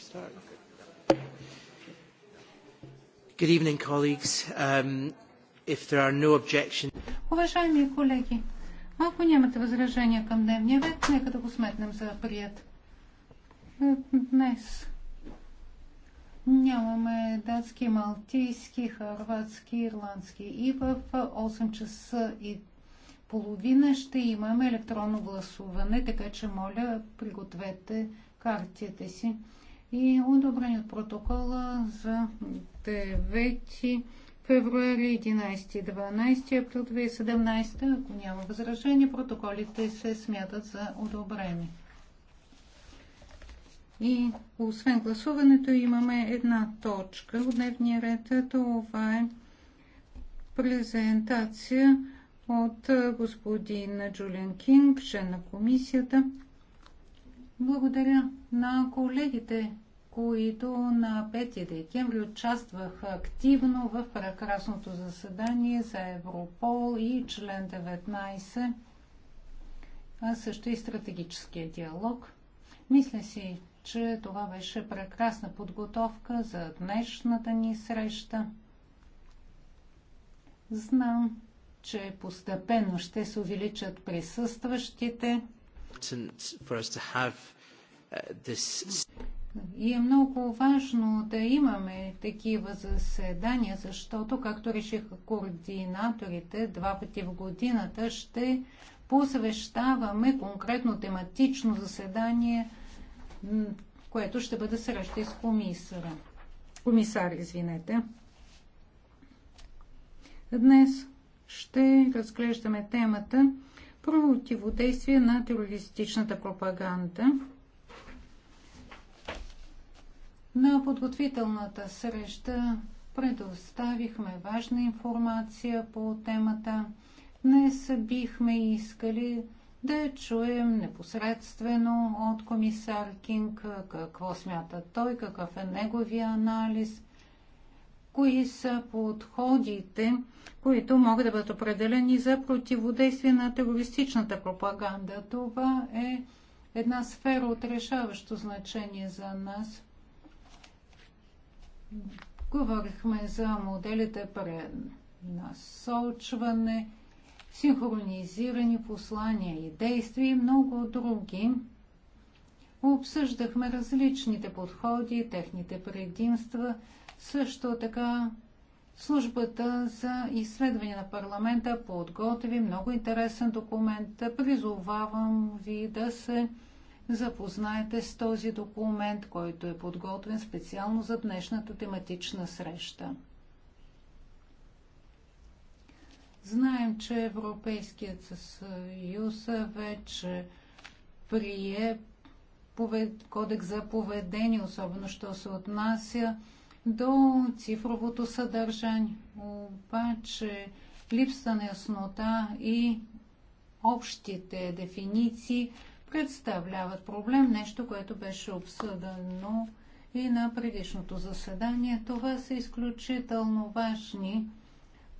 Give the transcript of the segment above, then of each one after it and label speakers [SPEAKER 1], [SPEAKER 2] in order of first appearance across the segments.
[SPEAKER 1] start? Good evening, colleagues. Um, if there are no objections...
[SPEAKER 2] Уважаеми колеги, ако нямате възражения към дневния ред, нека да го сметнем за прият. Е, днес нямаме датски, малтийски, харватски, ирландски и в 8 часа и половина ще имаме електронно гласуване, така че моля пригответе картите си и одобреният протокола за 9 февруари 11-12 април 2017. Ако няма възражение, протоколите се смятат за одобрени. И освен гласуването имаме една точка от дневния ред. Това е презентация от господин Джулиан Кинг, член на комисията. Благодаря на колегите които на 5 декември участвах активно в прекрасното заседание за Европол и член 19, а също и стратегическия диалог. Мисля си, че това беше прекрасна подготовка за днешната ни среща. Знам, че постепенно ще се увеличат присъстващите.
[SPEAKER 1] Uh, this...
[SPEAKER 2] И е много важно да имаме такива заседания, защото, както решиха координаторите, два пъти в годината ще посвещаваме конкретно тематично заседание, което ще бъде среща с комисара. Комисар, извинете. Днес ще разглеждаме темата противодействие на терористичната пропаганда. На подготвителната среща предоставихме важна информация по темата. Не бихме искали да чуем непосредствено от комисар Кинг какво смята той, какъв е неговия анализ, кои са подходите, които могат да бъдат определени за противодействие на терористичната пропаганда. Това е една сфера от решаващо значение за нас – Говорихме за моделите пренасочване, синхронизирани послания и действия и много други. Обсъждахме различните подходи, техните предимства, също така Службата за изследване на парламента подготви много интересен документ. Призовавам ви да се запознаете с този документ, който е подготвен специално за днешната тематична среща. Знаем, че Европейският съюз вече прие кодекс за поведение, особено що се отнася до цифровото съдържание. Обаче липса на яснота и общите дефиниции – представляват проблем, нещо, което беше обсъдено и на предишното заседание. Това са изключително важни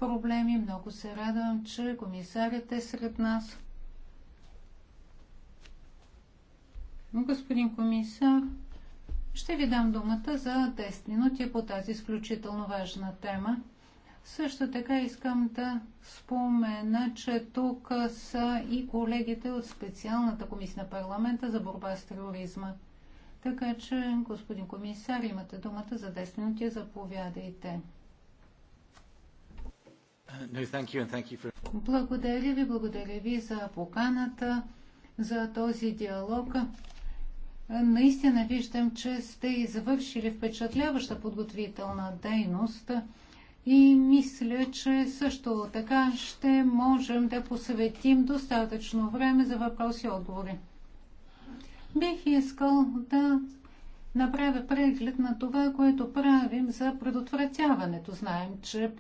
[SPEAKER 2] проблеми. Много се радвам, че комисарят е сред нас. Господин комисар, ще ви дам думата за 10 минути по тази изключително важна тема. Също така искам да спомена, че тук са и колегите от специалната комисия на парламента за борба с тероризма. Така че, господин комисар, имате думата за 10 минути. Заповядайте.
[SPEAKER 1] No, thank you and thank you for...
[SPEAKER 2] Благодаря ви, благодаря ви за поканата, за този диалог. Наистина виждам, че сте извършили впечатляваща подготвителна дейност. И мисля, че също така ще можем да посветим достатъчно време за въпроси и отговори. Бих искал да направя преглед на това, което правим за предотвратяването. Знаем, че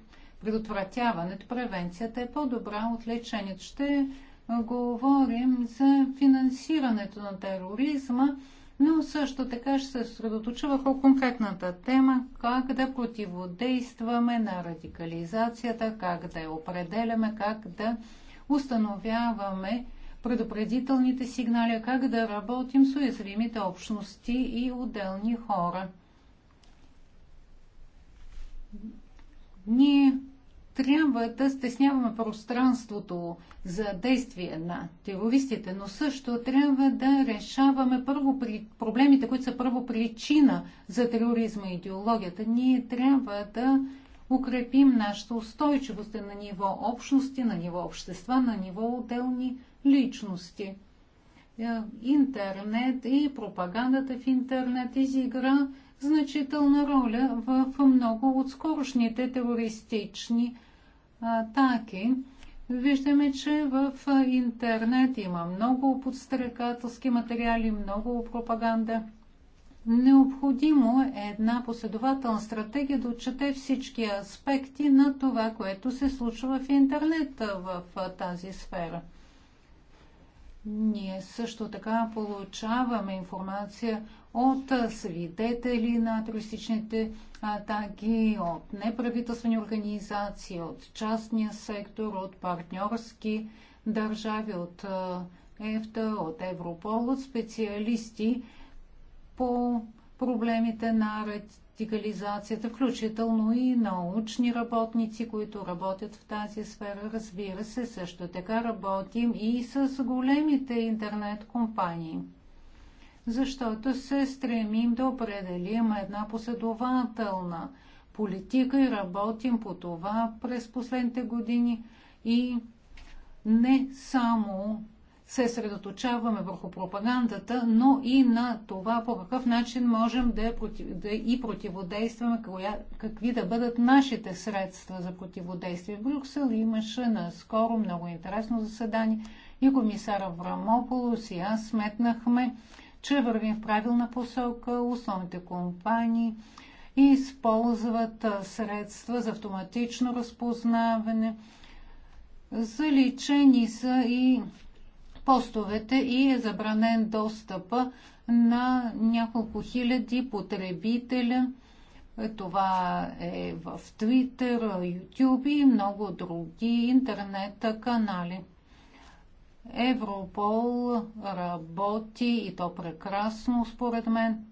[SPEAKER 2] предотвратяването, превенцията е по-добра от лечението. Ще говорим за финансирането на тероризма но също така ще се съсредоточа върху конкретната тема как да противодействаме на радикализацията, как да я определяме, как да установяваме предупредителните сигнали, как да работим с уязвимите общности и отделни хора. Ние трябва да стесняваме пространството за действие на терористите, но също трябва да решаваме първо при... проблемите, които са първо причина за тероризма и идеологията. Ние трябва да укрепим нашата устойчивост на ниво общности, на ниво общества, на ниво отделни личности. Е, интернет и пропагандата в интернет изигра значителна роля в много от скорошните терористични атаки, виждаме, че в интернет има много подстрекателски материали, много пропаганда. Необходимо е една последователна стратегия да отчете всички аспекти на това, което се случва в интернет в тази сфера. Ние също така получаваме информация от свидетели на туристичните атаки, от неправителствени организации, от частния сектор, от партньорски държави, от ЕФТА, от Европол, от специалисти по проблемите на радикализацията, включително и научни работници, които работят в тази сфера. Разбира се, също така работим и с големите интернет компании защото се стремим да определим една последователна политика и работим по това през последните години и не само се средоточаваме върху пропагандата, но и на това по какъв начин можем да, да и противодействаме, коя, какви да бъдат нашите средства за противодействие. В Брюксел имаше наскоро много интересно заседание и комисара Врамополос и аз сметнахме че вървим в правилна посока. Основните компании използват средства за автоматично разпознаване. Заличени са и постовете и е забранен достъпа на няколко хиляди потребителя. Това е в Twitter, YouTube и много други интернет канали. Европол работи и то прекрасно, според мен.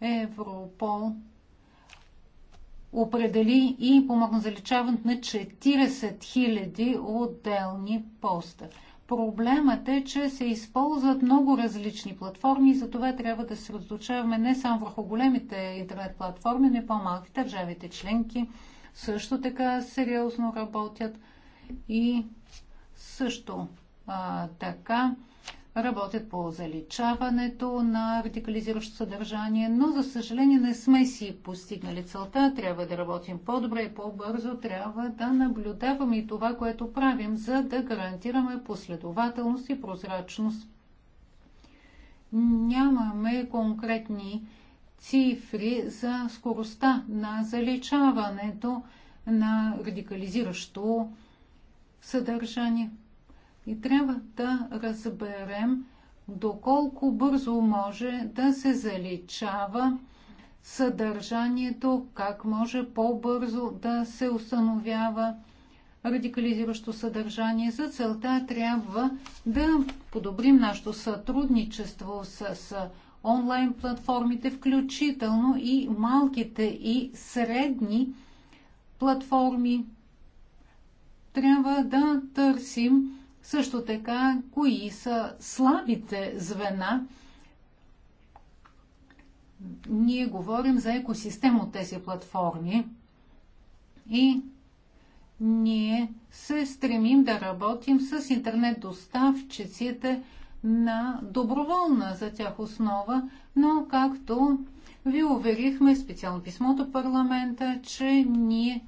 [SPEAKER 2] Европол определи и помогна за на 40 000 отделни поста. Проблемът е, че се използват много различни платформи и затова трябва да се разлучаваме не само върху големите интернет платформи, но и по-малки държавите членки също така сериозно работят и също а, така работят по заличаването на радикализиращо съдържание, но за съжаление не сме си постигнали целта. Трябва да работим по-добре и по-бързо. Трябва да наблюдаваме и това, което правим, за да гарантираме последователност и прозрачност. Нямаме конкретни цифри за скоростта на заличаването на радикализиращо съдържание. И трябва да разберем доколко бързо може да се заличава съдържанието, как може по-бързо да се установява радикализиращо съдържание. За целта трябва да подобрим нашето сътрудничество с, с онлайн платформите, включително и малките и средни платформи. Трябва да търсим също така, кои са слабите звена? Ние говорим за екосистем от тези платформи и ние се стремим да работим с интернет-доставчиците на доброволна за тях основа, но както ви уверихме специално писмото парламента, че ние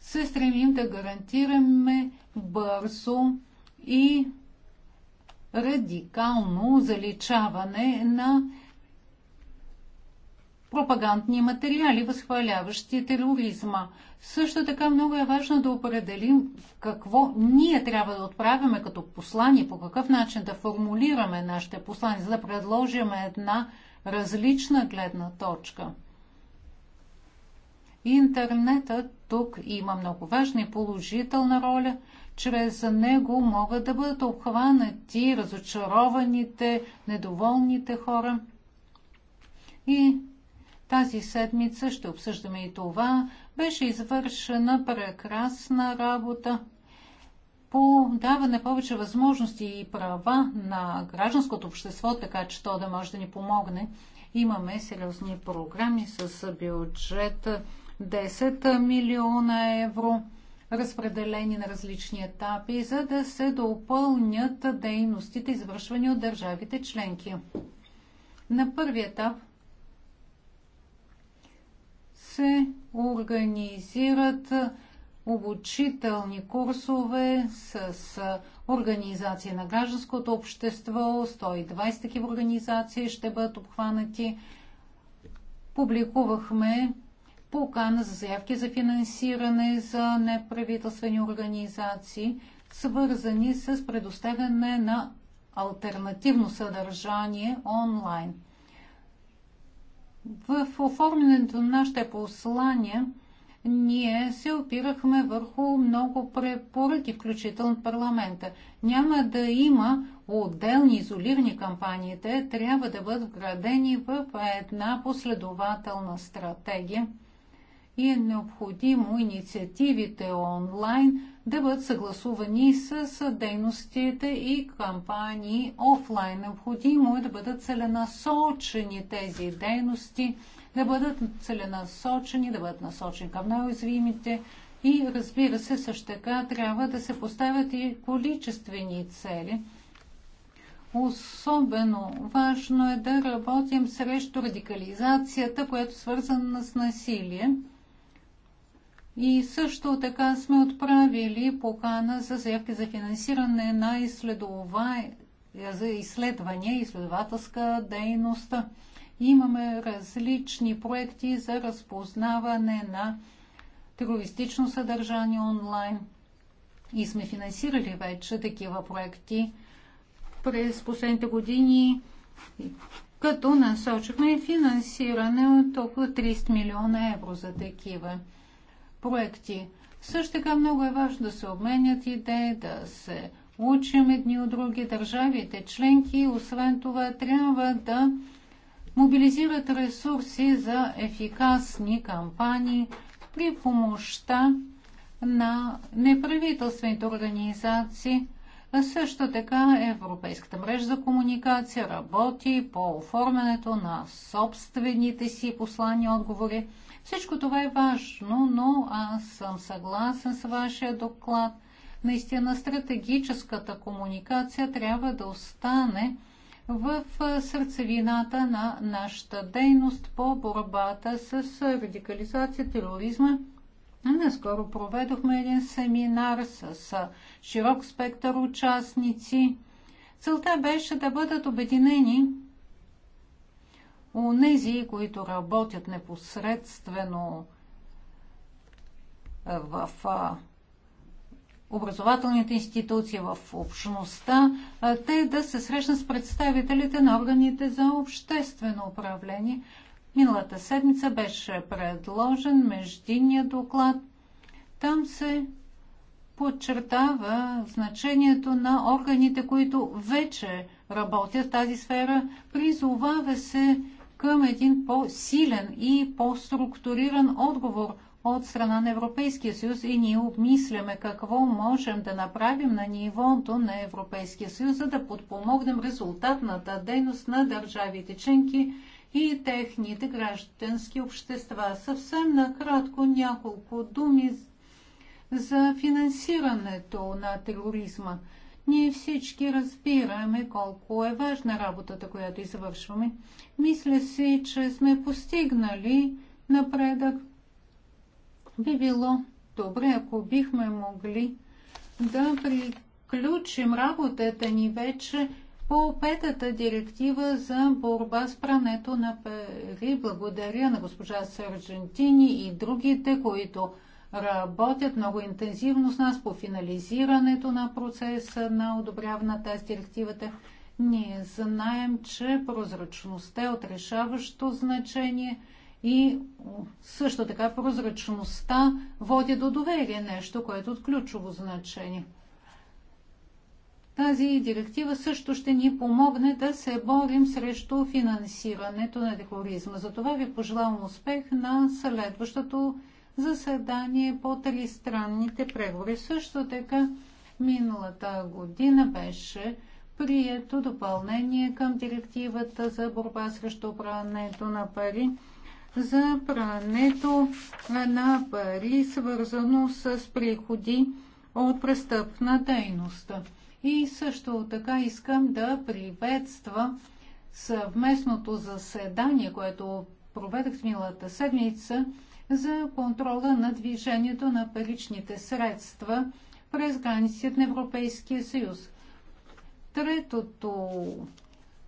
[SPEAKER 2] се стремим да гарантираме бързо и радикално заличаване на пропагандни материали, възхваляващи тероризма. Също така много е важно да определим какво ние трябва да отправяме като послание, по какъв начин да формулираме нашите послания, за да предложим една различна гледна точка. Интернетът тук има много важна и положителна роля – чрез него могат да бъдат обхванати разочарованите, недоволните хора. И тази седмица ще обсъждаме и това. Беше извършена прекрасна работа по даване повече възможности и права на гражданското общество, така че то да може да ни помогне. Имаме сериозни програми с бюджет 10 милиона евро – разпределени на различни етапи, за да се допълнят дейностите, извършвани от държавите членки. На първи етап се организират обучителни курсове с организации на гражданското общество, 120 такива организации ще бъдат обхванати. Публикувахме покана за заявки за финансиране за неправителствени организации, свързани с предоставяне на альтернативно съдържание онлайн. В оформянето на нашите послания ние се опирахме върху много препоръки, включително парламента. Няма да има отделни изолирани кампаниите, трябва да бъдат вградени в една последователна стратегия – и е необходимо инициативите онлайн да бъдат съгласувани с дейностите и кампании офлайн. Необходимо е да бъдат целенасочени тези дейности, да бъдат целенасочени, да бъдат насочени към най-уязвимите и разбира се, също така трябва да се поставят и количествени цели. Особено важно е да работим срещу радикализацията, която е свързана с насилие. И също така сме отправили покана за заявки за финансиране на изследвания и изследвания, изследователска дейност. Имаме различни проекти за разпознаване на терористично съдържание онлайн. И сме финансирали вече такива проекти през последните години, като насочихме финансиране от около 30 милиона евро за такива проекти. Също така много е важно да се обменят идеи, да се учим едни от други държавите членки. Освен това, трябва да мобилизират ресурси за ефикасни кампании при помощта на неправителствените организации също така Европейската мрежа за комуникация работи по оформянето на собствените си послания отговори. Всичко това е важно, но аз съм съгласен с вашия доклад. Наистина стратегическата комуникация трябва да остане в сърцевината на нашата дейност по борбата с радикализация, тероризма Наскоро проведохме един семинар с широк спектър участници. Целта беше да бъдат обединени у нези, които работят непосредствено в образователните институции, в общността, те да се срещнат с представителите на органите за обществено управление. Миналата седмица беше предложен междинния доклад. Там се подчертава значението на органите, които вече работят в тази сфера. Призовава се към един по-силен и по-структуриран отговор от страна на Европейския съюз и ние обмисляме какво можем да направим на нивото на Европейския съюз, за да подпомогнем резултатната дейност на държавите членки и техните граждански общества. Съвсем накратко няколко думи за финансирането на тероризма. Ние всички разбираме колко е важна работата, която извършваме. Мисля си, че сме постигнали напредък. Би било добре, ако бихме могли да приключим работата ни вече по петата директива за борба с прането на пари. Благодаря на госпожа Сарджентини и другите, които работят много интензивно с нас по финализирането на процеса на одобряване на тази директивата. Ние знаем, че прозрачността е от решаващо значение и също така прозрачността води до доверие, нещо, което е от ключово значение. Тази директива също ще ни помогне да се борим срещу финансирането на тероризма. Затова ви пожелавам успех на следващото заседание по тристранните преговори. Също така миналата година беше прието допълнение към директивата за борба срещу прането на пари за прането на пари, свързано с приходи от престъпна дейност. И също така искам да приветствам съвместното заседание, което проведах миналата седмица за контрола на движението на паричните средства през границите на Европейския съюз. Третото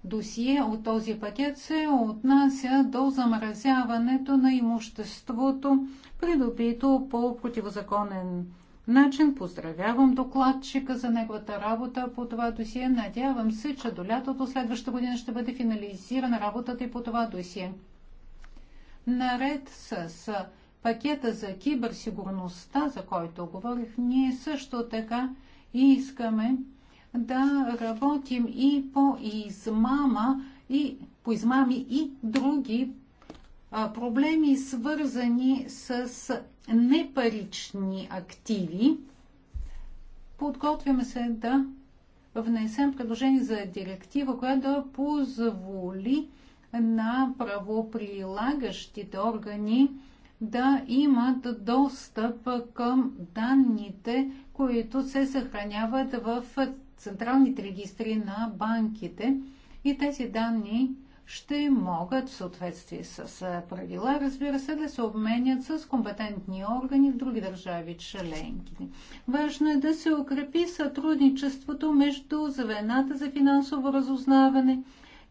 [SPEAKER 2] досие от този пакет се отнася до замразяването на имуществото, придобито по противозаконен начин. Поздравявам докладчика за неговата работа по това досие. Надявам се, че до лятото следващата година ще бъде финализирана работата и по това досие. Наред с пакета за киберсигурността, за който говорих, ние също така искаме да работим и по измама и по измами и други проблеми, свързани с непарични активи. Подготвяме се да внесем предложение за директива, която да позволи на правоприлагащите органи да имат достъп към данните, които се съхраняват в централните регистри на банките. И тези данни ще могат в съответствие с правила, разбира се, да се обменят с компетентни органи в други държави членки. Важно е да се укрепи сътрудничеството между звената за финансово разузнаване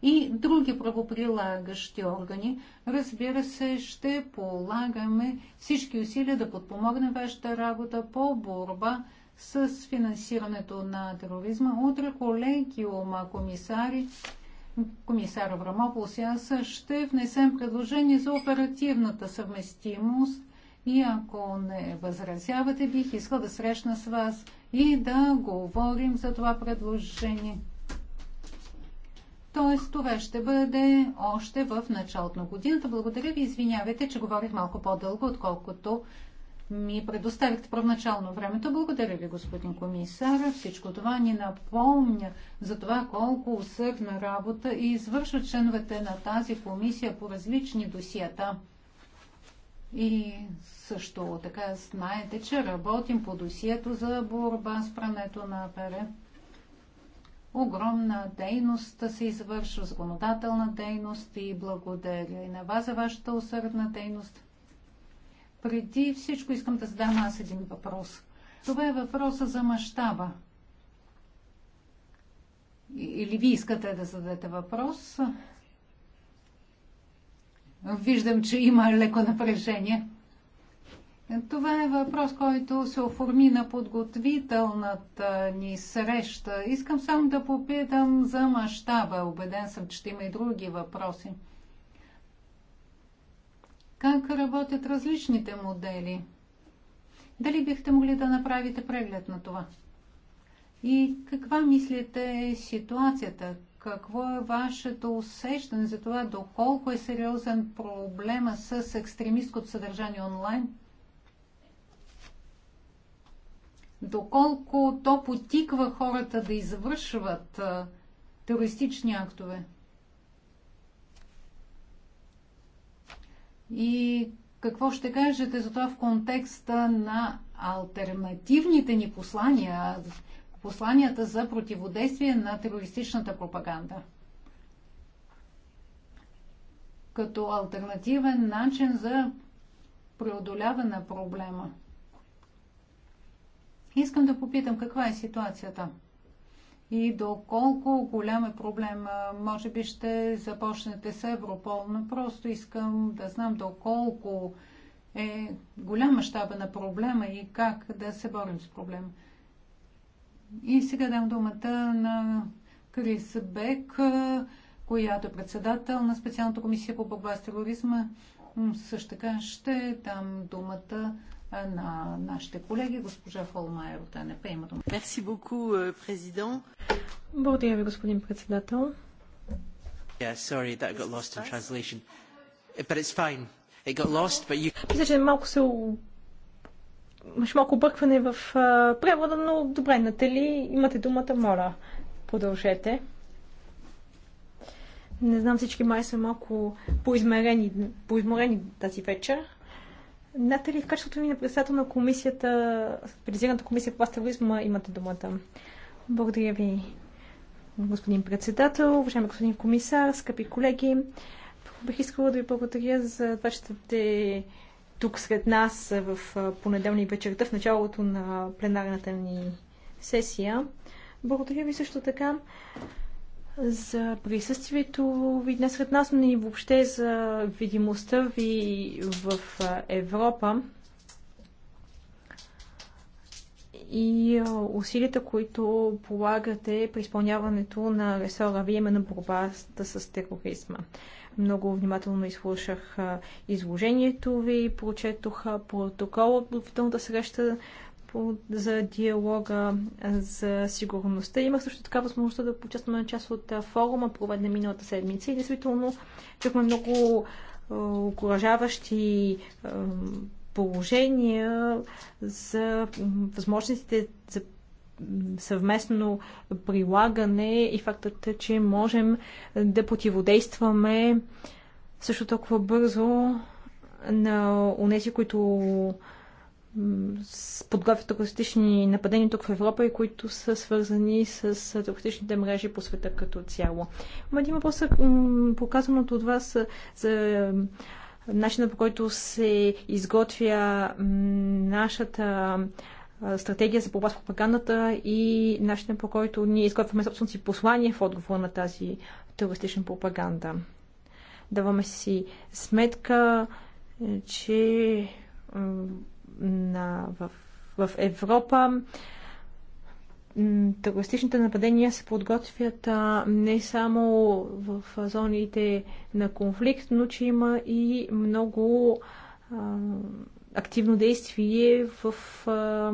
[SPEAKER 2] и други правоприлагащи органи. Разбира се, ще полагаме всички усилия да подпомогнем вашата работа по борба с финансирането на тероризма. Утре колегиума комисари комисар Аврамопулс и аз ще внесем предложение за оперативната съвместимост и ако не възразявате, бих искал да срещна с вас и да говорим за това предложение. Тоест, това ще бъде още в началото на годината. Благодаря ви, извинявайте, че говорих малко по-дълго, отколкото ми предоставихте първоначално времето. Благодаря ви, господин комисар. Всичко това ни напомня за това колко усърдна работа и извършват членовете на тази комисия по различни досиета. И също така знаете, че работим по досието за борба с прането на пере. Огромна дейност се извършва, законодателна дейност и благодаря и на вас за вашата усърдна дейност. Преди всичко искам да задам аз един въпрос. Това е въпроса за мащаба. Или ви искате да зададете въпрос? Виждам, че има леко напрежение. Това е въпрос, който се оформи на подготвителната ни среща. Искам само да попитам за мащаба. Обеден съм, че ще има и други въпроси как работят различните модели. Дали бихте могли да направите преглед на това? И каква мислите е ситуацията? Какво е вашето усещане за това, доколко е сериозен проблема с екстремисткото съдържание онлайн? Доколко то потиква хората да извършват терористични актове? И какво ще кажете за това в контекста на альтернативните ни послания, посланията за противодействие на терористичната пропаганда? Като альтернативен начин за преодоляване на проблема. Искам да попитам каква е ситуацията и доколко голям е проблема. Може би ще започнете с Европол, но просто искам да знам доколко е голям мащаба на проблема и как да се борим с проблема. И сега дам думата на Крис Бек, която е председател на специалната комисия по борба с тероризма. Също така ще дам думата на нашите колеги. Госпожа
[SPEAKER 3] Фолмайер от НП. има дума. Мерси боку, президент. Благодаря ви, господин председател.
[SPEAKER 1] Yeah, sorry, that got lost in translation. Eh, but it's fine. It got lost, but you...
[SPEAKER 3] Мисля, че малко се имаш малко объркване в превода, но добре, Натали, имате думата, моля, продължете. Не знам, всички май са малко поизмерени, поизморени тази вечер. Натали, в качеството ми на председател на комисията, специализираната комисия по астероизма, имате думата. Благодаря ви, господин председател, уважаеми господин комисар, скъпи колеги. Бих искала да ви благодаря за това, че сте тук сред нас в понеделник вечерта, в началото на пленарната ни сесия. Благодаря ви също така за присъствието ви днес сред нас, но и въобще за видимостта ви в Европа и усилията, които полагате при изпълняването на ресора ви, именно борбата с тероризма. Много внимателно изслушах изложението ви, прочетох протокола от подготвителната среща по, за диалога за сигурността. Имах също така възможността да участвам на част от форума, проведен миналата седмица и действително чухме много окоръжаващи положения за възможностите за съвместно прилагане и фактът, че можем да противодействаме също толкова бързо на унеси, които подготвят терористични нападения тук в Европа и които са свързани с терористичните мрежи по света като цяло. Има един въпрос, показаното от вас за начина по който се изготвя нашата стратегия за борба с пропагандата и начина по който ние изготвяме собствено си послание в отговор на тази терористична пропаганда. Даваме си сметка, е, че на, в, в Европа терористичните нападения се подготвят а, не само в зоните на конфликт, но че има и много а, активно действие в а,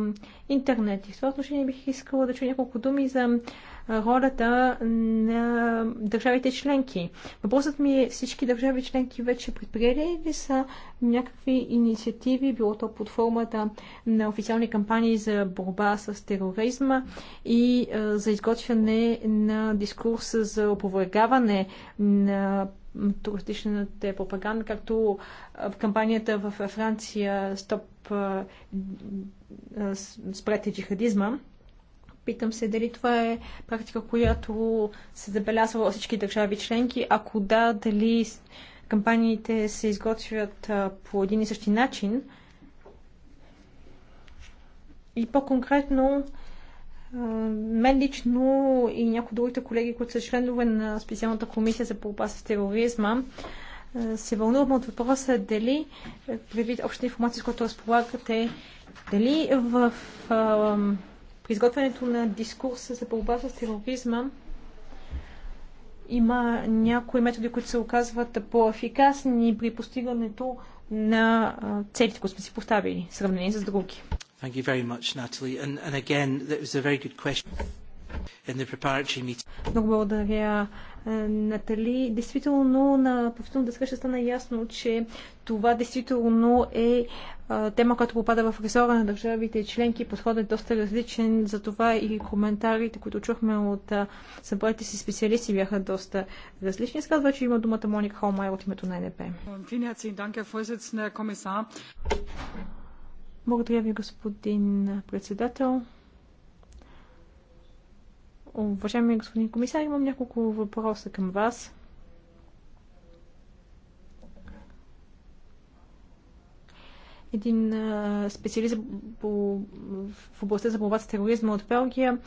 [SPEAKER 3] интернет. И в това отношение бих искала да чуя няколко думи за ролята на държавите членки. Въпросът ми е всички държави членки вече предприели ли са някакви инициативи, било то под формата на официални кампании за борба с тероризма и а, за изготвяне на дискурс за опровергаване на туристичната пропаганда, както в кампанията в Франция Стоп спрете джихадизма. Питам се дали това е практика, която се забелязва във всички държави членки. Ако да, дали кампаниите се изготвят по един и същи начин. И по-конкретно, мен лично и някои другите колеги, които са членове на специалната комисия за борба с тероризма, се вълнувам от въпроса дали, предвид общата информация, с която разполагате, дали в а, при изготвянето на дискурса за борба с тероризма има някои методи, които се оказват по-ефикасни при постигането
[SPEAKER 1] на
[SPEAKER 3] целите, които сме си поставили, сравнени с други.
[SPEAKER 1] Thank you very much, Natalie. And, and again, that was a very good question in the preparatory meeting.
[SPEAKER 3] Много благодаря, е, Натали. Действително, на повторната среща стана ясно, че това действително е, е тема, която попада в ресора на държавите и членки. Подходът е доста различен, за това и коментарите, които чухме от е, събраните си специалисти, бяха доста различни. Сега вече има думата Моника Холмайер от името на НДП. Благодаря ви, господин председател. Уважаеми господин комисар, имам няколко въпроса към вас. един специалист в областта за борба с тероризма от Белгия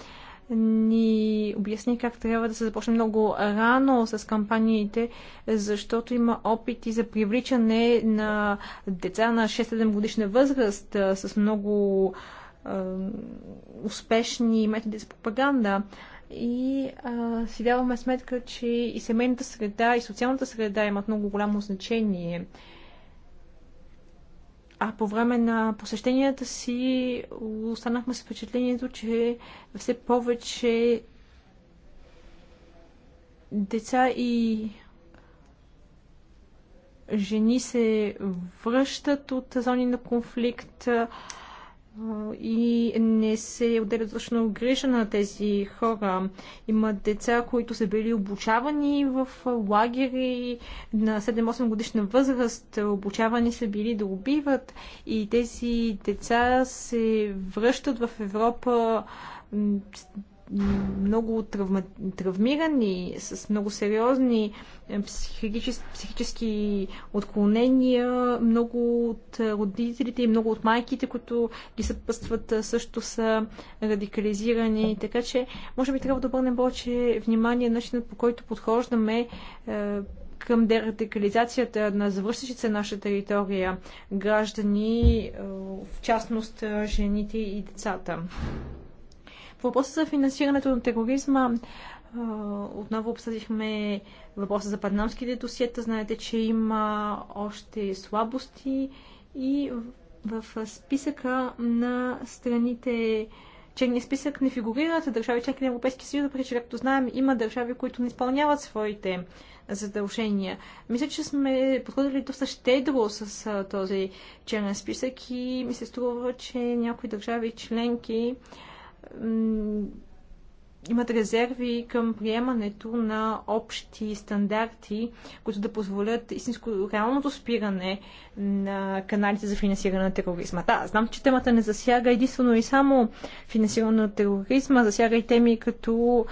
[SPEAKER 3] ни обясни как трябва да се започне много рано с кампаниите, защото има опити за привличане на деца на 6-7 годишна възраст с много е, успешни методи за пропаганда. И е, си даваме сметка, че и семейната среда, и социалната среда имат много голямо значение а по време на посещенията си останахме с впечатлението, че все повече деца и жени се връщат от зони на конфликт, и не се отделя достатъчно грижа на тези хора. Има деца, които са били обучавани в лагери на 7-8 годишна възраст, обучавани са били да убиват и тези деца се връщат в Европа много травма, травмирани, с много сериозни е, психически, психически отклонения. Много от е, родителите и много от майките, които ги съпътстват, е, също са радикализирани. Така че, може би трябва да обърнем повече внимание на начинът по който подхождаме към дерадикализацията на завършващите се наша територия граждани, в частност жените и децата въпроса за финансирането на тероризма, отново обсъдихме въпроса за панамските досиета. Знаете, че има още слабости и в списъка на страните, черния списък не фигурират държави членки на Европейския съюз, въпреки че, както знаем, има държави, които не изпълняват своите задължения. Мисля, че сме подходили доста щедро с този черен списък и ми се струва, че някои държави членки имат резерви към приемането на общи стандарти, които да позволят истинско реалното спиране на каналите за финансиране на тероризма. Да, знам, че темата не засяга единствено и само финансиране на тероризма, засяга и теми като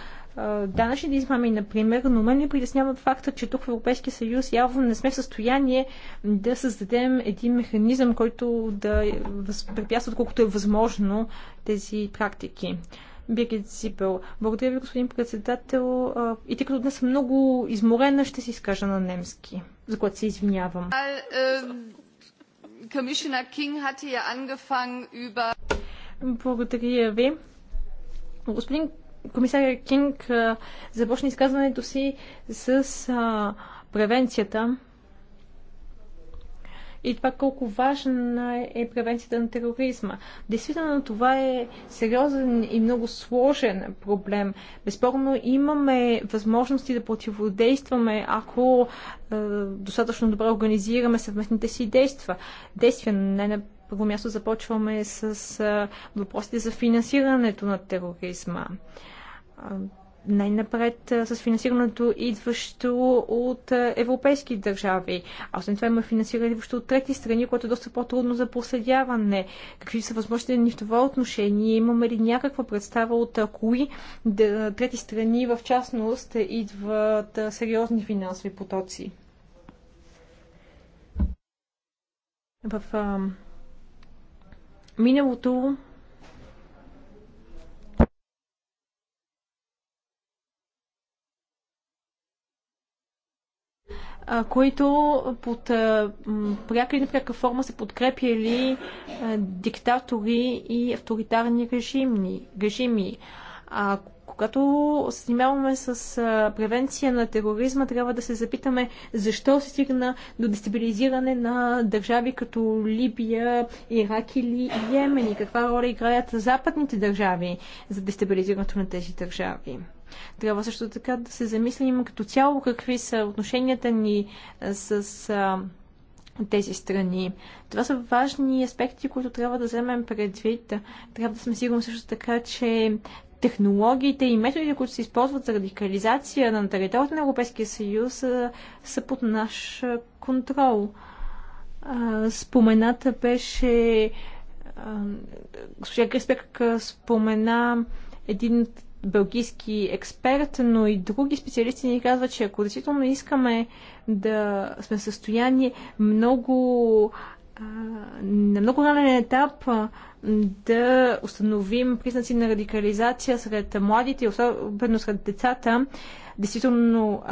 [SPEAKER 3] да измами, например, но мен ме притеснява факта, че тук в Европейския съюз явно не сме в състояние да създадем един механизъм, който да възпрепятства, колкото е възможно тези практики. Биргит Сипел. Благодаря ви, господин председател. И тъй като днес съм много изморена, ще си изкажа на немски, за което се извинявам. Um, благодаря ви. Господин комисаря Кинг започна изказването си с а, превенцията и това колко важна е превенцията на тероризма. Действително това е сериозен и много сложен проблем. Безспорно имаме възможности да противодействаме, ако е, достатъчно добре организираме съвместните си действа. Действия не на първо място започваме с е, въпросите за финансирането на тероризма. Е, най-напред с финансирането, идващо от европейски държави. А освен това има финансиране, идващо от трети страни, което е доста по-трудно за проследяване. Какви са възможности ни в това отношение? Имаме ли някаква представа от кои трети страни, в частност, идват сериозни финансови потоци? В а, миналото които под пряка или непряка форма са подкрепяли диктатори и авторитарни режими. режими. А когато се занимаваме с превенция на тероризма, трябва да се запитаме защо се стигна до дестабилизиране на държави като Либия, Ирак или Йемен и каква роля играят западните държави за дестабилизирането на тези държави. Трябва също така да се замислим като цяло какви са отношенията ни с а, тези страни. Това са важни аспекти, които трябва да вземем предвид. Трябва да сме сигурни също така, че технологиите и методите, които се използват за радикализация на територията на Европейския съюз, са, са под наш контрол. Спомената беше. Госпожа Креспек спомена един Белгийски експерт, но и други специалисти ни казват, че ако действително искаме да сме в състояние много на много ранен етап да установим признаци на радикализация сред младите, особено сред децата. Действително,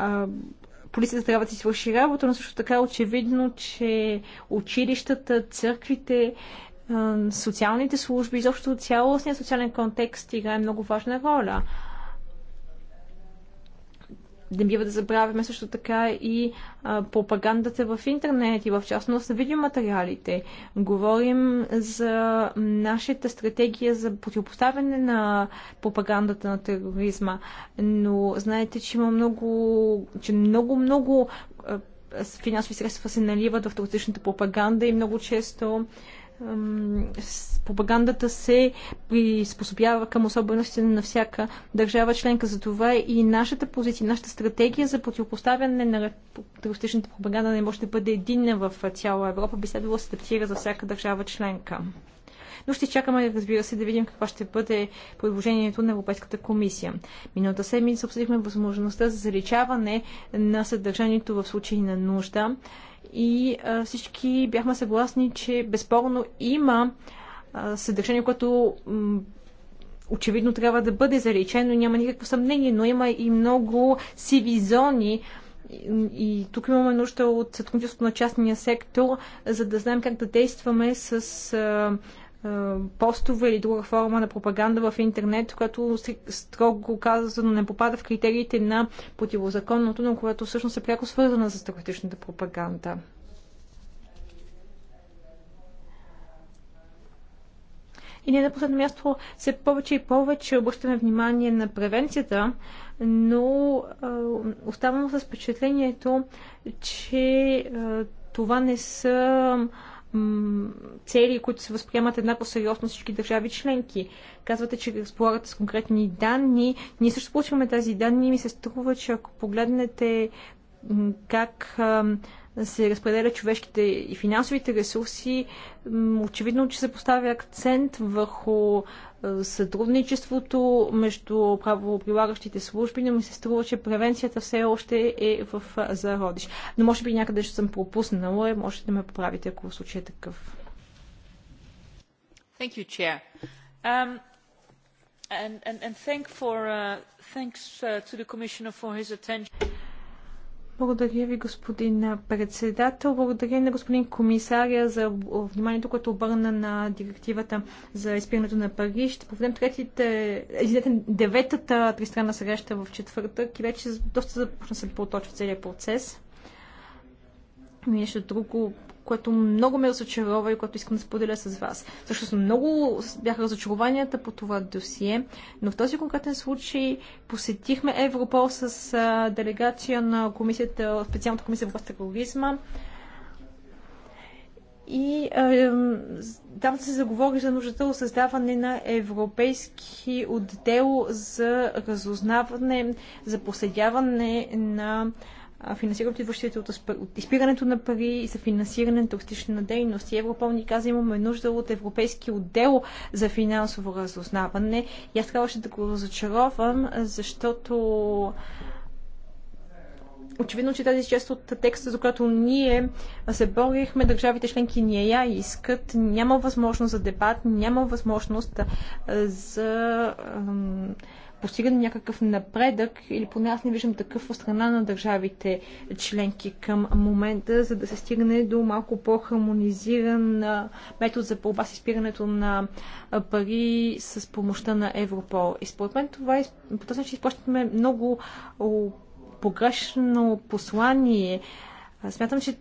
[SPEAKER 3] полицията трябва да си свърши работа, но също така е очевидно, че училищата, църквите социалните служби, изобщо цялостният социален контекст играе много важна роля. Не бива да забравяме също така и а, пропагандата в интернет и в частност на видеоматериалите. Говорим за нашата стратегия за противопоставяне на пропагандата на тероризма, но знаете, че има много, че много, много финансови средства се наливат в туристичната пропаганда и много често пропагандата се приспособява към особеностите на всяка държава членка. За това и нашата позиция, нашата стратегия за противопоставяне на терористичната пропаганда не може да бъде единна в цяла Европа, би следвало да се адаптира за всяка държава членка. Но ще чакаме, разбира се, да видим каква ще бъде предложението на Европейската комисия. Миналата седмица обсъдихме възможността за заличаване на съдържанието в случай на нужда и а, всички бяхме съгласни, че безспорно има а, съдържание, което очевидно трябва да бъде заречено, няма никакво съмнение, но има и много сиви зони, и, и тук имаме нужда от сътрудничеството на частния сектор, за да знаем как да действаме с а, е, постове или друга форма на пропаганда в интернет, която строго казано не попада в критериите на противозаконното, но която всъщност е пряко свързана с терористичната пропаганда. И не на последно място, все повече и повече обръщаме внимание на превенцията, но е, оставам с впечатлението, че е, това не са цели, които се възприемат еднакво сериозно всички държави членки. Казвате, че разполагате с конкретни данни. Ние също получваме тези данни и ми се струва, че ако погледнете как се разпределят човешките и финансовите ресурси, очевидно, че се поставя акцент върху сътрудничеството между правоприлагащите служби, но ми се струва, че превенцията все още е в зародиш. Но може би някъде ще съм пропуснала е, може да ме поправите, ако в случай е такъв. Thank you, Chair. Um, and, and, and thank for, uh, thanks uh, to the Commissioner for his attention. Благодаря ви, господин председател. Благодаря на господин комисаря за вниманието, което обърна на директивата за изпирането на пари. Ще проведем третите, извинете, деветата тристранна среща в четвъртък и вече доста започна се поточва целият процес. Нещо друго, което много ме разочарова и което искам да споделя с вас. Също много бяха разочарованията по това досие, но в този конкретен случай посетихме Европол с делегация на комисията, специалната комисия в астрологизма. И е, там се заговори за нуждата от създаване на европейски отдел за разузнаване, за поседяване на е, финансира отиващите от, от изпирането на пари и за финансиране на туристична дейност. И Европол ни каза, имаме нужда от европейски отдел за финансово разузнаване. И аз трябваше да го разочаровам, защото очевидно, че тази част от текста, за която ние се борихме, държавите членки ние я искат, няма възможност за дебат, няма възможност за постигане някакъв напредък или поне аз не виждам такъв от страна на държавите членки към момента, за да се стигне до малко по-хармонизиран метод за борба с изпирането на пари с помощта на Европол. И според мен това е, по този начин изплащаме много погрешно послание. Смятам, че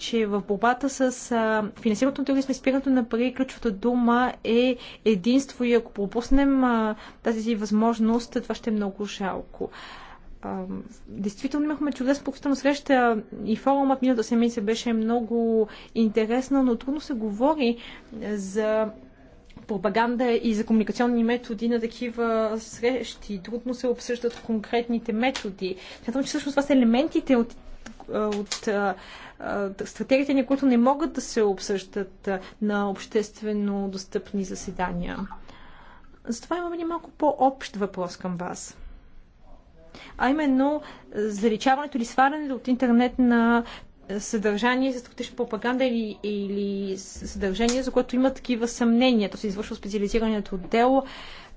[SPEAKER 3] че в борбата с а, финансирането на туризма и спирането на пари, ключовата дума е единство и ако пропуснем а, тази възможност, това ще е много жалко. А, действително имахме чудесна покупателна среща и форумът миналата седмица беше много интересно, но трудно се говори за пропаганда и за комуникационни методи на такива срещи. Трудно се обсъждат конкретните методи. Смятам, че всъщност това са елементите от от стратегиите ни, които не могат да се обсъждат на обществено достъпни заседания. Затова имам един малко по-общ въпрос към вас. А именно заличаването или сварянето от интернет на съдържание за тактична пропаганда или, или съдържание, за което има такива съмнения. То се извършва специализираният отдел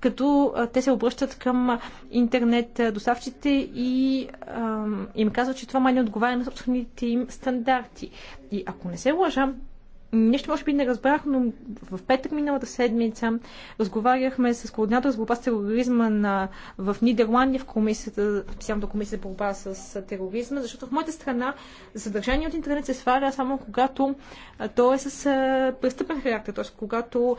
[SPEAKER 3] като те се обръщат към интернет доставчите и ам, им казват, че това май не отговаря на собствените им стандарти. И ако не се лъжа, нещо може би не разбрах, но в петък миналата седмица разговаряхме с координатор с борба с тероризма на, в Нидерландия, в комисията, специалната комисия за борба с тероризма, защото в моята страна задържание от интернет се сваля само когато то е с престъпен характер, т.е. когато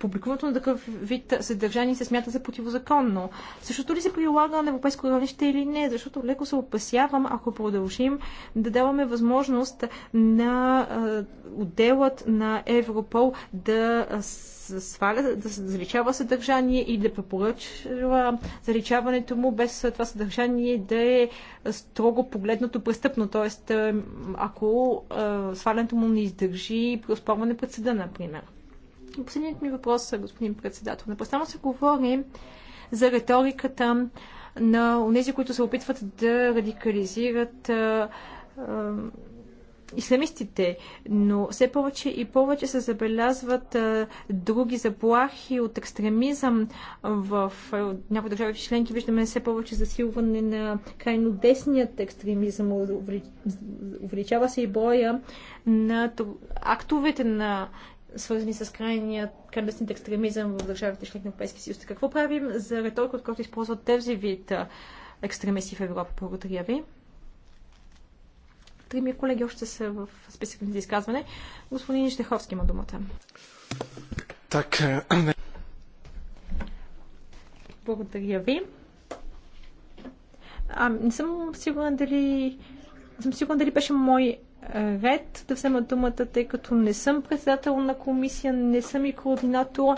[SPEAKER 3] публикуването на такъв вид съдържание се смята за противозаконно. Същото ли се прилага на европейско равнище или не? Защото леко се опасявам, ако продължим да даваме възможност на отделът на Европол да сваля, да заличава съдържание и да препоръчва заличаването му без това съдържание да е строго погледнато престъпно. Тоест, ако свалянето му не издържи при оспорване пред съда, например. Последният ми въпрос, господин председател. Непрестанно се говори за риториката на тези, които се опитват да радикализират а, а, исламистите, но все повече и повече се забелязват а, други заплахи от екстремизъм в а, някои държави членки. Виждаме все повече засилване на крайно десният екстремизъм. Увеличава се и броя на актовете на свързани с крайния крайностният екстремизъм в държавите членки на Европейския съюз. Какво правим за риторика, от която използват тези вид екстремисти в Европа? Благодаря ви. ми колеги още са в списък за изказване. Господин Штеховски има думата. Так. Е, Благодаря ви. А, не съм сигурна дали... Не съм сигурна дали беше мой е, ред да взема думата, тъй като не съм председател на комисия, не съм и координатор,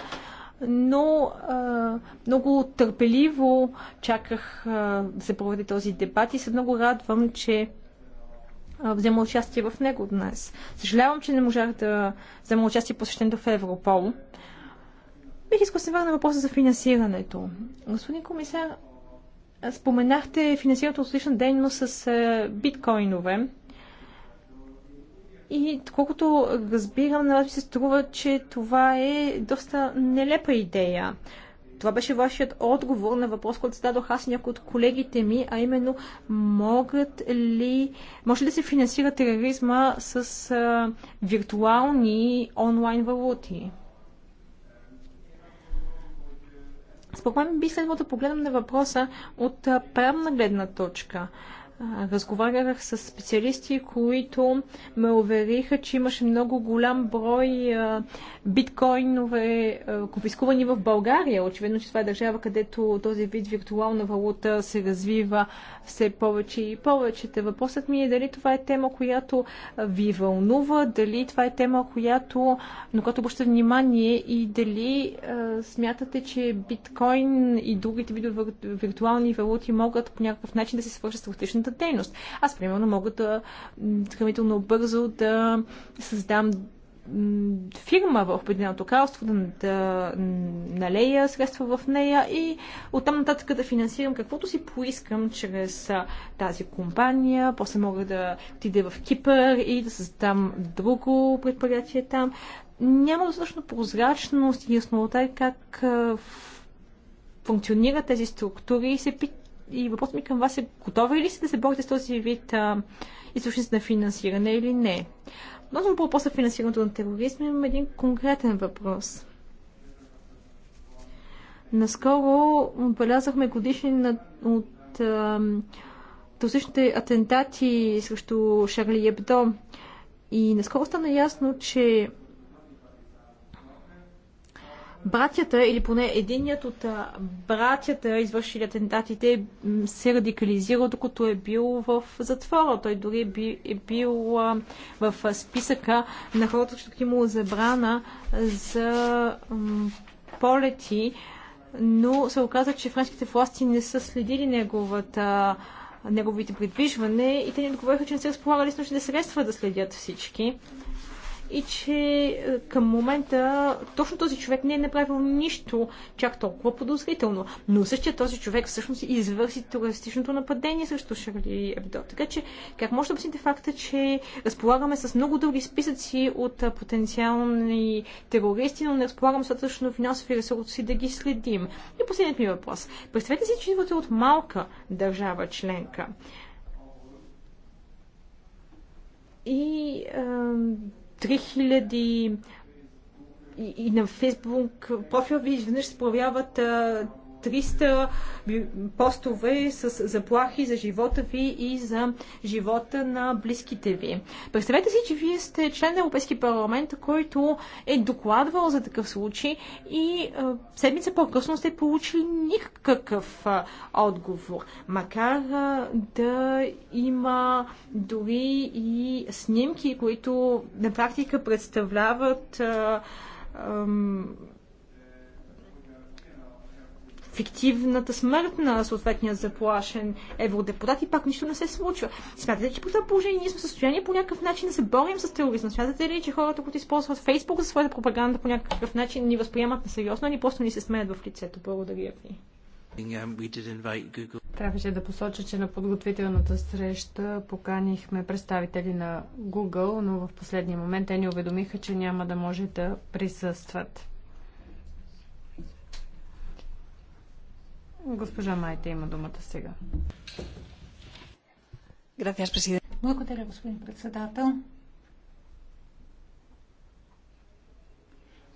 [SPEAKER 3] но а, е, много търпеливо чаках е, да се проведе този дебат и се много радвам, че взема участие в него днес. Съжалявам, че не можах да взема участие посещението в Европол. Бих искал да се върна на въпроса за финансирането. Господин комисар, споменахте финансирането от лична дейност с биткоинове. И колкото разбирам, на вас ми се струва, че това е доста нелепа идея. Това беше вашият отговор на въпрос, който зададох аз и някои от колегите ми, а именно могат ли, може ли да се финансира тероризма с а, виртуални онлайн валути? Според мен би следвало да погледнем на въпроса от правна гледна точка разговарях с специалисти, които ме увериха, че имаше много голям брой биткоинове конфискувани в България. Очевидно, че това е държава, където този вид виртуална валута се развива все повече и повече. Въпросът ми е дали това е тема, която ви вълнува, дали това е тема, която, на която обръща внимание и дали а, смятате, че биткоин и другите видове виртуални валути могат по някакъв начин да се свържат с аутичната дейност. Аз, примерно, мога да хранително бързо да създам фирма в Обединеното кралство, да, да налея средства в нея и оттам нататък да финансирам каквото си поискам чрез тази компания. После мога да отида в Кипър и да създам друго предприятие там. Няма достатъчно прозрачност и яснота как функционират тези структури и се пит, и въпросът ми към вас е, готови ли сте да се борите с този вид източници на финансиране или не? Много по въпроса финансирането на тероризма имам един конкретен въпрос. Наскоро отбелязахме годишни от терористичните атентати срещу Шарли Ебдо. И наскоро стана ясно, че братята, или поне единият от братята, извършили атентатите, се радикализира, докато е бил в затвора. Той дори е бил, е бил в списъка на хората, които имало забрана за полети, но се оказа, че френските власти не са следили неговата неговите предвижване и те ни отговориха, че не са разполагали с нужните средства да следят всички и че е, към момента точно този човек не е направил нищо чак толкова подозрително. Но същия този човек всъщност извърши терористичното нападение срещу Шарли Ебдо. Така че как може да обясните факта, че разполагаме с много дълги списъци от е, потенциални терористи, но не разполагаме достатъчно финансови ресурси да ги следим? И последният ми въпрос. Представете си, че идвате от малка държава членка. И 3000 и на Фейсбук профил ви изведнъж се появяват 300 постове с заплахи за живота ви и за живота на близките ви. Представете си, че вие сте член на Европейски парламент, който е докладвал за такъв случай и а, седмица по-късно сте получили никакъв а, отговор. Макар а, да има дори и снимки, които на практика представляват а, фиктивната смърт на съответния заплашен евродепутат и пак нищо не се случва. Смятате ли, че по това положение ние сме в състояние по някакъв начин да се борим с тероризма? Смятате ли, че хората, които използват Фейсбук за своята пропаганда по някакъв начин ни възприемат несериозно или просто ни се смеят в лицето? Благодаря ви.
[SPEAKER 1] Трябваше да посоча, че на
[SPEAKER 4] подготвителната среща поканихме представители на Google, но в последния момент те ни уведомиха, че няма да може да присъстват. Госпожа Майта има думата сега.
[SPEAKER 2] Благодаря, господин председател.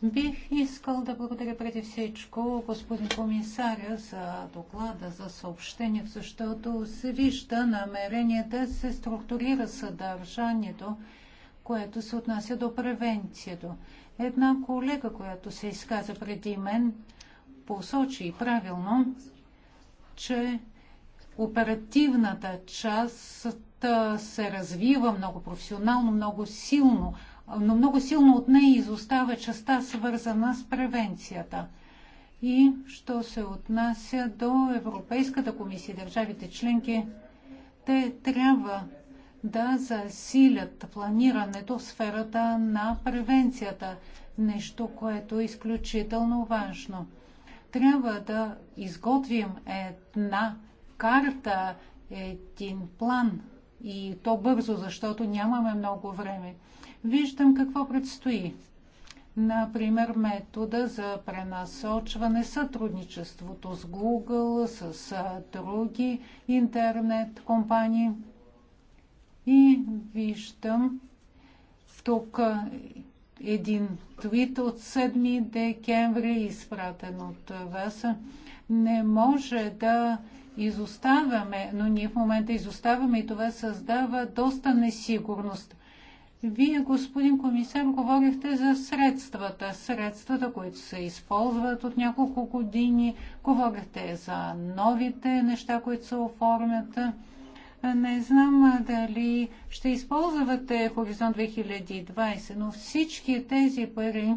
[SPEAKER 2] Бих искал да благодаря преди всичко господин комисаря за доклада, за съобщението, защото се вижда намерение да се структурира съдържанието, което се отнася до превенцията. Една колега, която се изказа преди мен, посочи правилно, че оперативната част се развива много професионално, много силно, но много силно от нея изостава частта, свързана с превенцията. И що се отнася до Европейската комисия и държавите членки, те трябва да засилят планирането в сферата на превенцията, нещо, което е изключително важно – трябва да изготвим една карта, един план и то бързо, защото нямаме много време. Виждам какво предстои. Например, метода за пренасочване, сътрудничеството с Google, с други интернет компании. И виждам тук един твит от 7 декември, изпратен от вас. Не може да изоставяме, но ние в момента изоставяме и това създава доста несигурност. Вие, господин комисар, говорихте за средствата, средствата, които се използват от няколко години, говорихте за новите неща, които се оформят. Не знам дали ще използвате Хоризонт 2020, но всички тези пари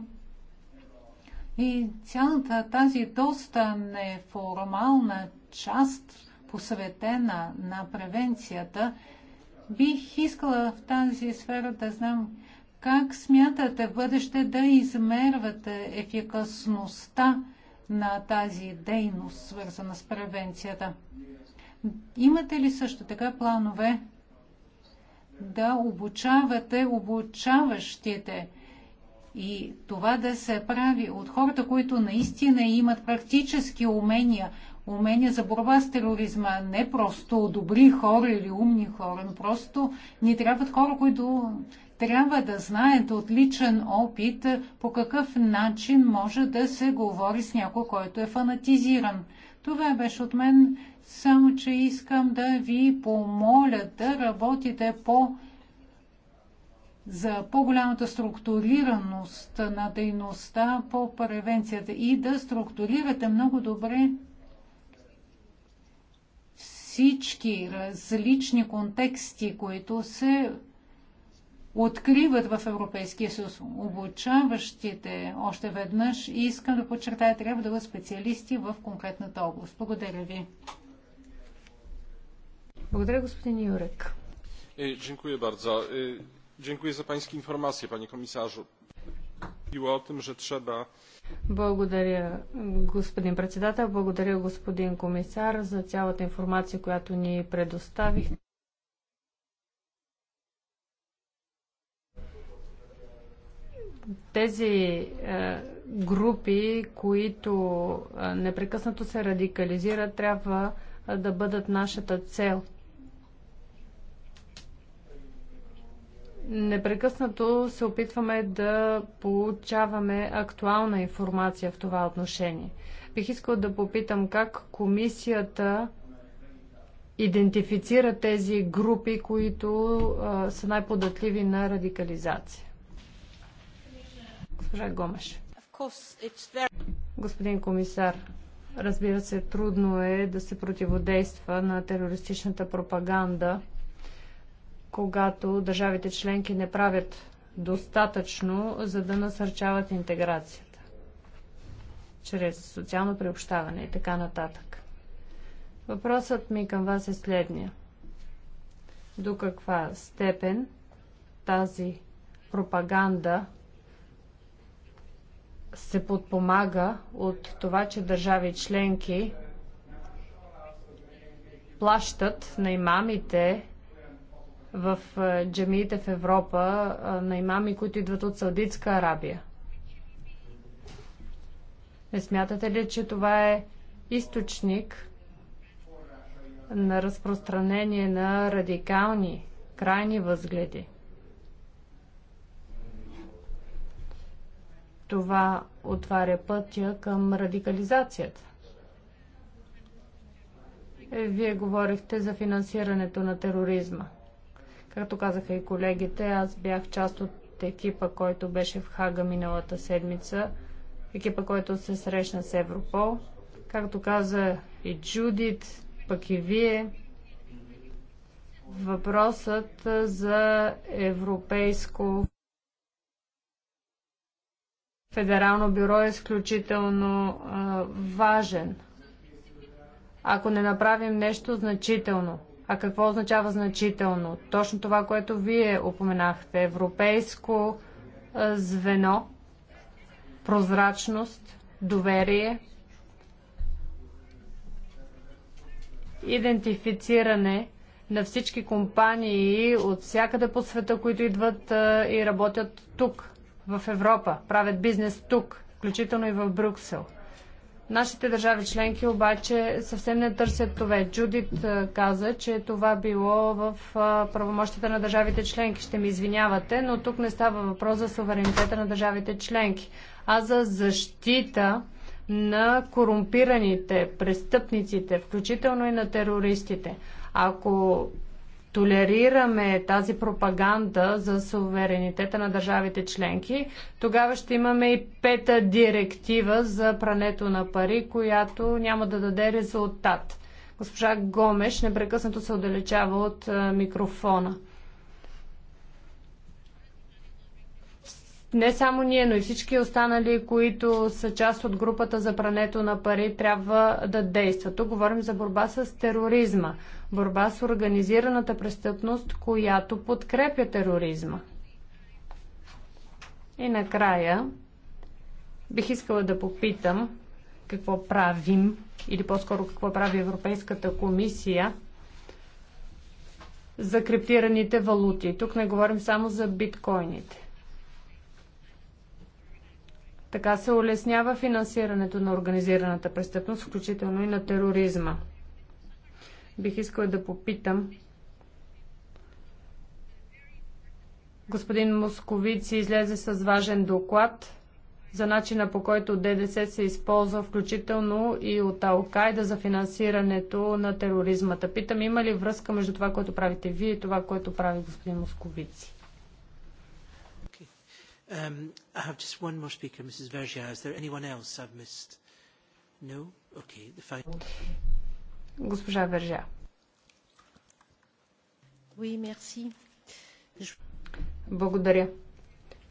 [SPEAKER 2] и цялата тази доста неформална част, посветена на превенцията, бих искала в тази сфера да знам как смятате в бъдеще да измервате ефикасността на тази дейност, свързана с превенцията. Имате ли също така планове да обучавате обучаващите и това да се прави от хората, които наистина имат практически умения, умения за борба с тероризма, не просто добри хора или умни хора, но просто ни трябват хора, които трябва да знаят от личен опит по какъв начин може да се говори с някой, който е фанатизиран. Това беше от мен. Само, че искам да ви помоля да работите по за по-голямата структурираност на дейността по превенцията и да структурирате много добре всички различни контексти, които се откриват в Европейския съюз. Обучаващите още веднъж и искам да подчертая, трябва да бъдат специалисти в конкретната област. Благодаря ви. Благодаря, господин Юрек.
[SPEAKER 1] Dziękuję bardzo. Dziękuję za pańskie informacje, panie komisarzu. Mówiło o tym, że trzeba...
[SPEAKER 4] Благодаря, господин председател. Благодаря, господин комисар, за цялата информация, която ни предоставихте. тези е, групи, които е, непрекъснато се радикализират, трябва е, да бъдат нашата цел – непрекъснато се опитваме да получаваме актуална информация в това отношение. Бих искал да попитам как комисията идентифицира тези групи, които а, са най-податливи на радикализация. Госпожа Гомеш. Господин комисар, разбира се, трудно е да се противодейства на терористичната пропаганда когато държавите членки не правят достатъчно, за да насърчават интеграцията чрез социално приобщаване и така нататък. Въпросът ми към вас е следния. До каква степен тази пропаганда се подпомага от това, че държави членки плащат на имамите в джамиите в Европа на имами, които идват от Саудитска Арабия. Не смятате ли, че това е източник на разпространение на радикални, крайни възгледи? Това отваря пътя към радикализацията. Е, вие говорихте за финансирането на тероризма – Както казаха и колегите, аз бях част от екипа, който беше в Хага миналата седмица, екипа, който се срещна с Европол. Както каза и Джудит, пък и вие, въпросът за европейско федерално бюро е изключително а, важен. Ако не направим нещо значително а какво означава значително? Точно това, което вие упоменахте. Европейско звено, прозрачност, доверие, идентифициране на всички компании от всякъде по света, които идват и работят тук, в Европа, правят бизнес тук, включително и в Брюксел – Нашите държави членки обаче съвсем не търсят това. Джудит каза, че това било в правомощите на държавите членки. Ще ми извинявате, но тук не става въпрос за суверенитета на държавите членки, а за защита на корумпираните, престъпниците, включително и на терористите. Ако толерираме тази пропаганда за суверенитета на държавите членки, тогава ще имаме и пета директива за прането на пари, която няма да даде резултат. Госпожа Гомеш непрекъснато се отдалечава от микрофона. не само ние, но и всички останали, които са част от групата за прането на пари, трябва да действат. Тук говорим за борба с тероризма, борба с организираната престъпност, която подкрепя тероризма. И накрая бих искала да попитам какво правим, или по-скоро какво прави Европейската комисия за криптираните валути. Тук не говорим само за биткоините. Така се улеснява финансирането на организираната престъпност, включително и на тероризма. Бих искал да попитам Господин Московици излезе с важен доклад за начина по който ДДС се използва включително и от Алкайда за финансирането на тероризмата. Питам, има ли връзка между това, което правите вие и това, което прави господин Московици?
[SPEAKER 1] Um, I have just one more speaker, Mrs. Vergia. Is there anyone else I've missed? No? Okay, the final.
[SPEAKER 4] Госпожа Вержа.
[SPEAKER 2] Oui, merci.
[SPEAKER 4] Благодаря.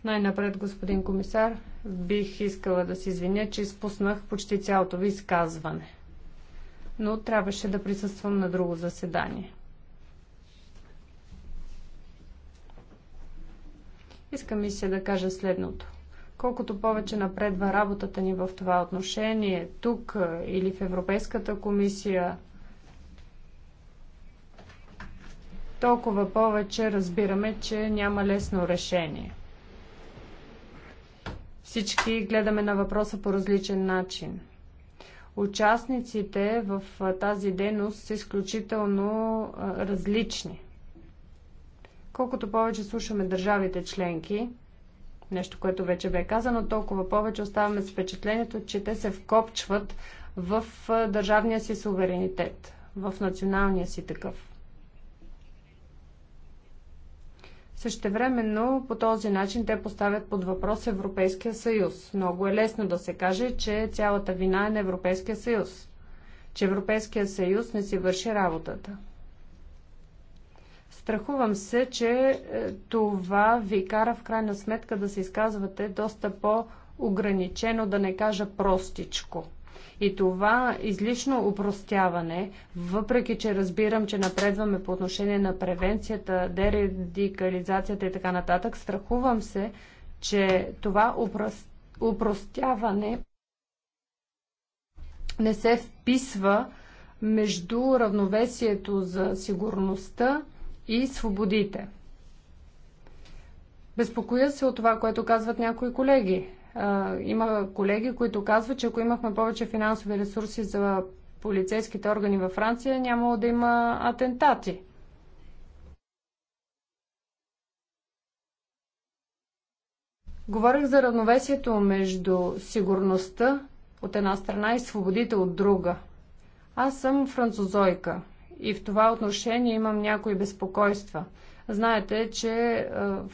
[SPEAKER 4] Най-напред, господин комисар, бих искала да се извиня, че изпуснах почти цялото ви изказване. Но трябваше да присъствам на друго заседание. Иска ми се да кажа следното. Колкото повече напредва работата ни в това отношение, тук или в Европейската комисия, толкова повече разбираме, че няма лесно решение. Всички гледаме на въпроса по различен начин. Участниците в тази дейност са изключително различни. Колкото повече слушаме държавите членки, нещо, което вече бе казано, толкова повече оставаме с впечатлението, че те се вкопчват в държавния си суверенитет, в националния си такъв. Същевременно по този начин те поставят под въпрос Европейския съюз. Много е лесно да се каже, че цялата вина е на Европейския съюз, че Европейския съюз не си върши работата. Страхувам се, че е, това ви кара в крайна сметка да се изказвате доста по-ограничено, да не кажа простичко. И това излишно упростяване, въпреки че разбирам, че напредваме по отношение на превенцията, дерадикализацията и така нататък, страхувам се, че това упростяване не се вписва между равновесието за сигурността и свободите. Безпокоя се от това, което казват някои колеги. Има колеги, които казват, че ако имахме повече финансови ресурси за полицейските органи във Франция, нямало да има атентати. Говорих за равновесието между сигурността от една страна и свободите от друга. Аз съм французойка и в това отношение имам някои безпокойства. Знаете, че в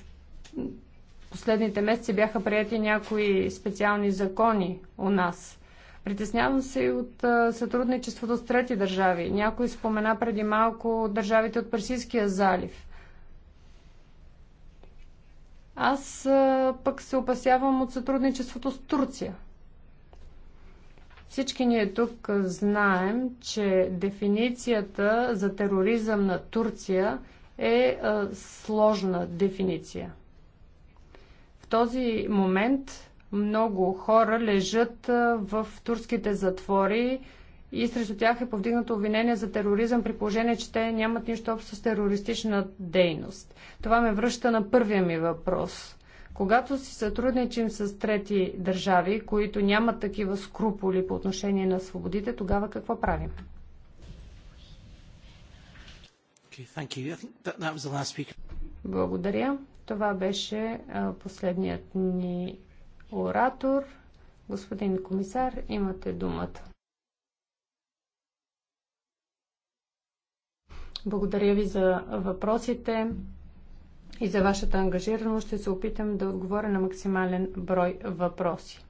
[SPEAKER 4] последните месеци бяха прияти някои специални закони у нас. Притеснявам се и от сътрудничеството с трети държави. Някой спомена преди малко държавите от Персийския залив. Аз пък се опасявам от сътрудничеството с Турция – всички ние тук знаем, че дефиницията за тероризъм на Турция е сложна дефиниция. В този момент много хора лежат в турските затвори и срещу тях е повдигнато обвинение за тероризъм при положение, че те нямат нищо общо с терористична дейност. Това ме връща на първия ми въпрос – когато си сътрудничим с трети държави, които нямат такива скруполи по отношение на свободите, тогава какво правим? Благодаря. Това беше последният ни оратор. Господин комисар, имате думата. Благодаря ви за въпросите и за вашата ангажираност. Ще се опитам да отговоря на максимален брой въпроси.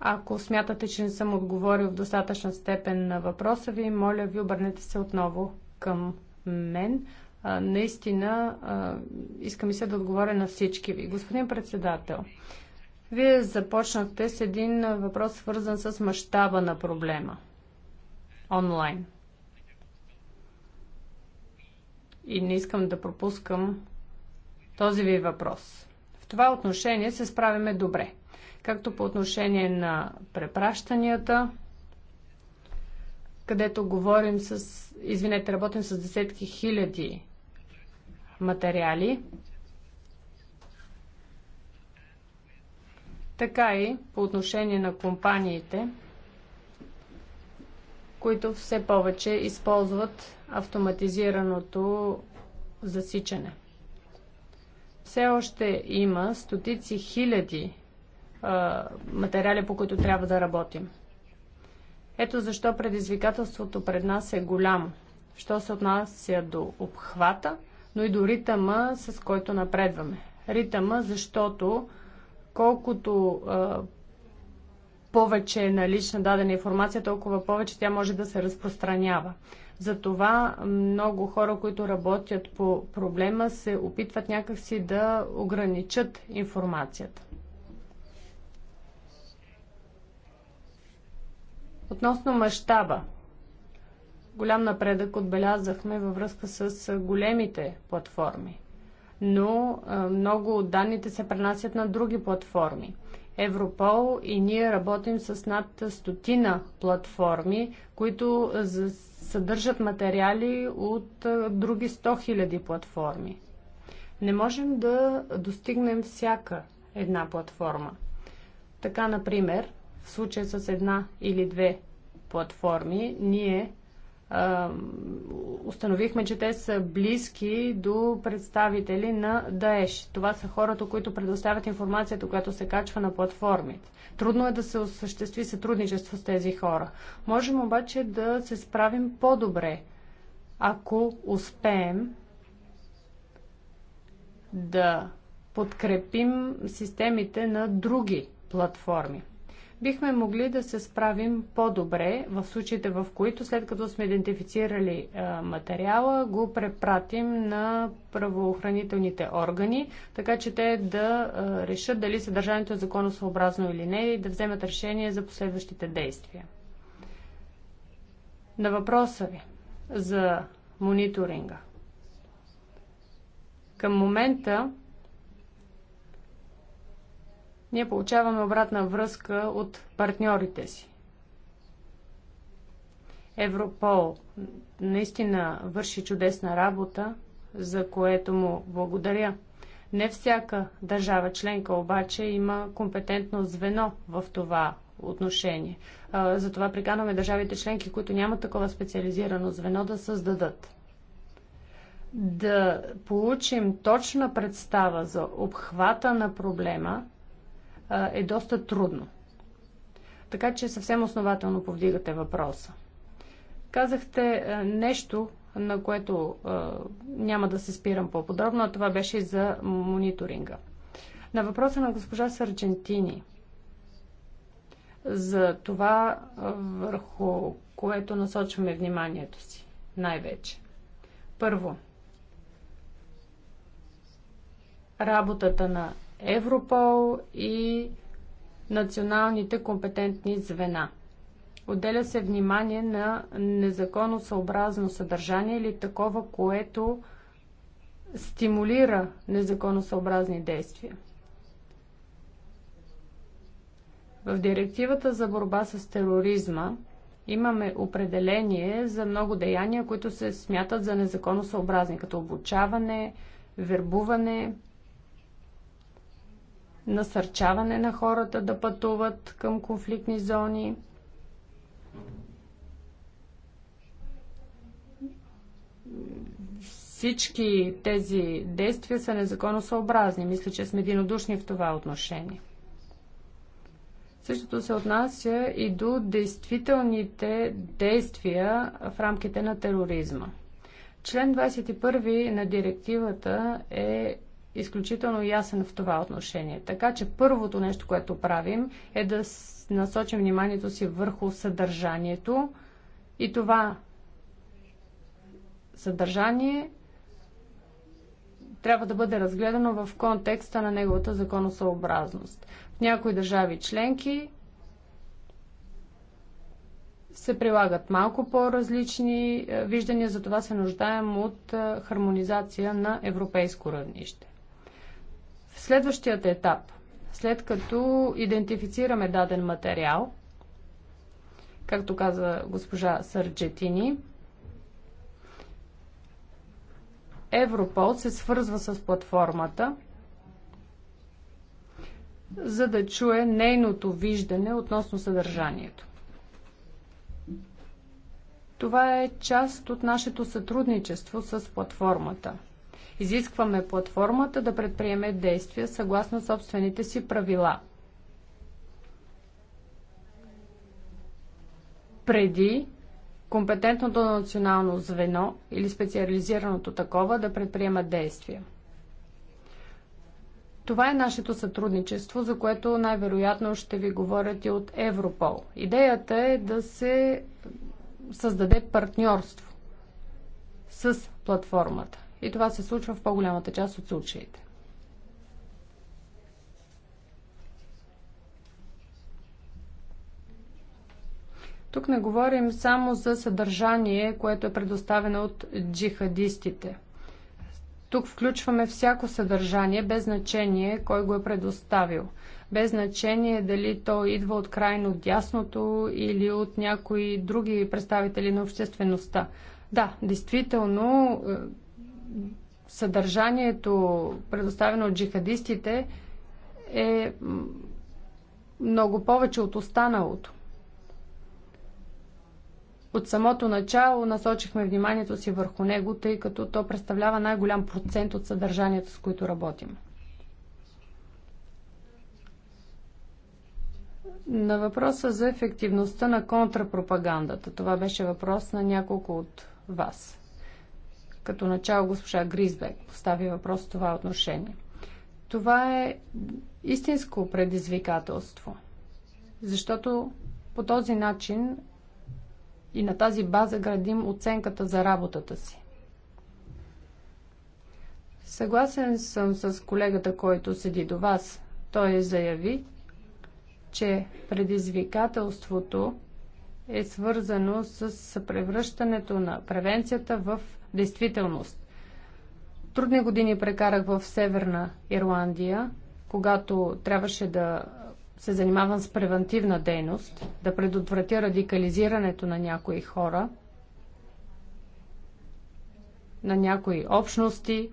[SPEAKER 4] Ако смятате, че не съм отговорил в достатъчна степен на въпроса ви, моля ви, обърнете се отново към мен. А, наистина, а, искам и се да отговоря на всички ви. Господин председател, вие започнахте с един въпрос, свързан с мащаба на проблема онлайн. и не искам да пропускам този ви въпрос. В това отношение се справяме добре. Както по отношение на препращанията, където говорим с, извинете, работим с десетки хиляди материали, така и по отношение на компаниите – които все повече използват автоматизираното засичане. Все още има стотици хиляди а, материали, по които трябва да работим. Ето защо предизвикателството пред нас е голямо, що се отнася до обхвата, но и до ритъма, с който напредваме. Ритъма, защото колкото а, повече налична дадена информация, толкова повече тя може да се разпространява. Затова много хора, които работят по проблема, се опитват някакси да ограничат информацията. Относно мащаба, голям напредък отбелязахме във връзка с големите платформи, но много от данните се пренасят на други платформи. Европол и ние работим с над стотина платформи, които съдържат материали от други 100 000 платформи. Не можем да достигнем всяка една платформа. Така, например, в случая с една или две платформи, ние установихме, че те са близки до представители на ДАЕШ. Това са хората, които предоставят информацията, която се качва на платформите. Трудно е да се осъществи сътрудничество с тези хора. Можем обаче да се справим по-добре, ако успеем да подкрепим системите на други платформи бихме могли да се справим по-добре в случаите, в които след като сме идентифицирали материала, го препратим на правоохранителните органи, така че те да решат дали съдържанието е законосъобразно или не и да вземат решение за последващите действия. На въпроса ви за мониторинга. Към момента ние получаваме обратна връзка от партньорите си. Европол наистина върши чудесна работа, за което му благодаря. Не всяка държава членка обаче има компетентно звено в това отношение. Затова приканваме държавите членки, които нямат такова специализирано звено, да създадат. Да получим точна представа за обхвата на проблема е доста трудно. Така че съвсем основателно повдигате въпроса. Казахте нещо, на което няма да се спирам по-подробно, а това беше и за мониторинга. На въпроса на госпожа Сарджентини за това върху което насочваме вниманието си най-вече. Първо, работата на Европол и националните компетентни звена. Отделя се внимание на съобразно съдържание или такова, което стимулира незаконосъобразни действия. В директивата за борба с тероризма имаме определение за много деяния, които се смятат за незаконосъобразни, като обучаване, вербуване, насърчаване на хората да пътуват към конфликтни зони. Всички тези действия са незаконосъобразни. Мисля, че сме единодушни в това отношение. Същото се отнася и до действителните действия в рамките на тероризма. Член 21 на директивата е изключително ясен в това отношение. Така че първото нещо, което правим, е да насочим вниманието си върху съдържанието и това съдържание трябва да бъде разгледано в контекста на неговата законосъобразност. В някои държави членки се прилагат малко по-различни е, виждания, затова се нуждаем от е, хармонизация на европейско равнище. Следващият етап, след като идентифицираме даден материал, както каза госпожа Сърджетини, Европол се свързва с платформата, за да чуе нейното виждане относно съдържанието. Това е част от нашето сътрудничество с платформата – Изискваме платформата да предприеме действия съгласно собствените си правила. Преди компетентното национално звено или специализираното такова да предприема действия. Това е нашето сътрудничество, за което най-вероятно ще ви говорят и от Европол. Идеята е да се създаде партньорство с платформата. И това се случва в по-голямата част от случаите. Тук не говорим само за съдържание, което е предоставено от джихадистите. Тук включваме всяко съдържание, без значение кой го е предоставил. Без значение дали то идва от крайно дясното или от някои други представители на обществеността. Да, действително, съдържанието, предоставено от джихадистите, е много повече от останалото. От самото начало насочихме вниманието си върху него, тъй като то представлява най-голям процент от съдържанието, с което работим. На въпроса за ефективността на контрапропагандата. Това беше въпрос на няколко от вас. Като начало госпожа Гризбек постави въпрос в това отношение. Това е истинско предизвикателство, защото по този начин и на тази база градим оценката за работата си. Съгласен съм с колегата, който седи до вас. Той е заяви, че предизвикателството е свързано с превръщането на превенцията в действителност. Трудни години прекарах в Северна Ирландия, когато трябваше да се занимавам с превентивна дейност, да предотвратя радикализирането на някои хора, на някои общности,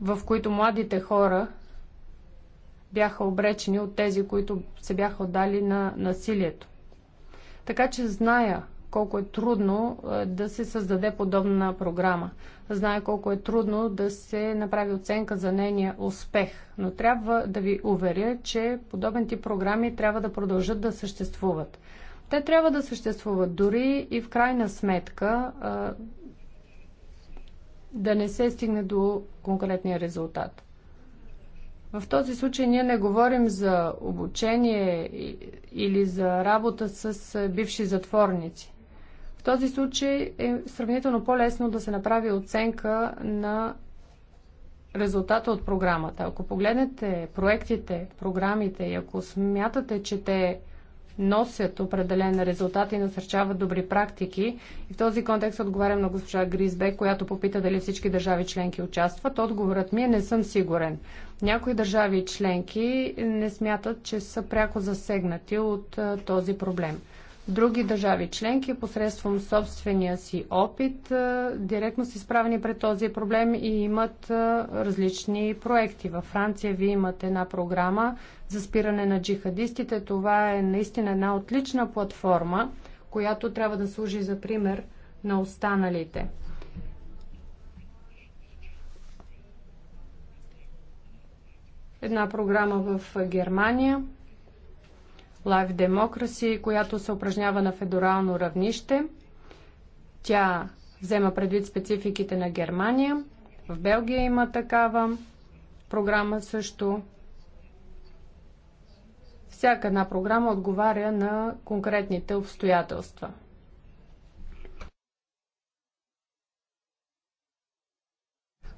[SPEAKER 4] в които младите хора бяха обречени от тези, които се бяха отдали на насилието. Така че зная колко е трудно е, да се създаде подобна програма. Зная колко е трудно да се направи оценка за нейния успех. Но трябва да ви уверя, че подобен тип програми трябва да продължат да съществуват. Те трябва да съществуват дори и в крайна сметка е, да не се стигне до конкретния резултат. В този случай ние не говорим за обучение или за работа с бивши затворници. В този случай е сравнително по-лесно да се направи оценка на резултата от програмата. Ако погледнете проектите, програмите и ако смятате, че те носят определен резултат и насърчават добри практики. И в този контекст отговарям на госпожа Гризбе, която попита дали всички държави членки участват. Отговорът ми е не съм сигурен. Някои държави членки не смятат, че са пряко засегнати от този проблем. Други държави членки посредством собствения си опит директно са изправени пред този проблем и имат различни проекти. Във Франция вие имате една програма за спиране на джихадистите. Това е наистина една отлична платформа, която трябва да служи за пример на останалите. една програма в Германия, Live Democracy, която се упражнява на федерално равнище. Тя взема предвид спецификите на Германия. В Белгия има такава програма също. Всяка една програма отговаря на конкретните обстоятелства.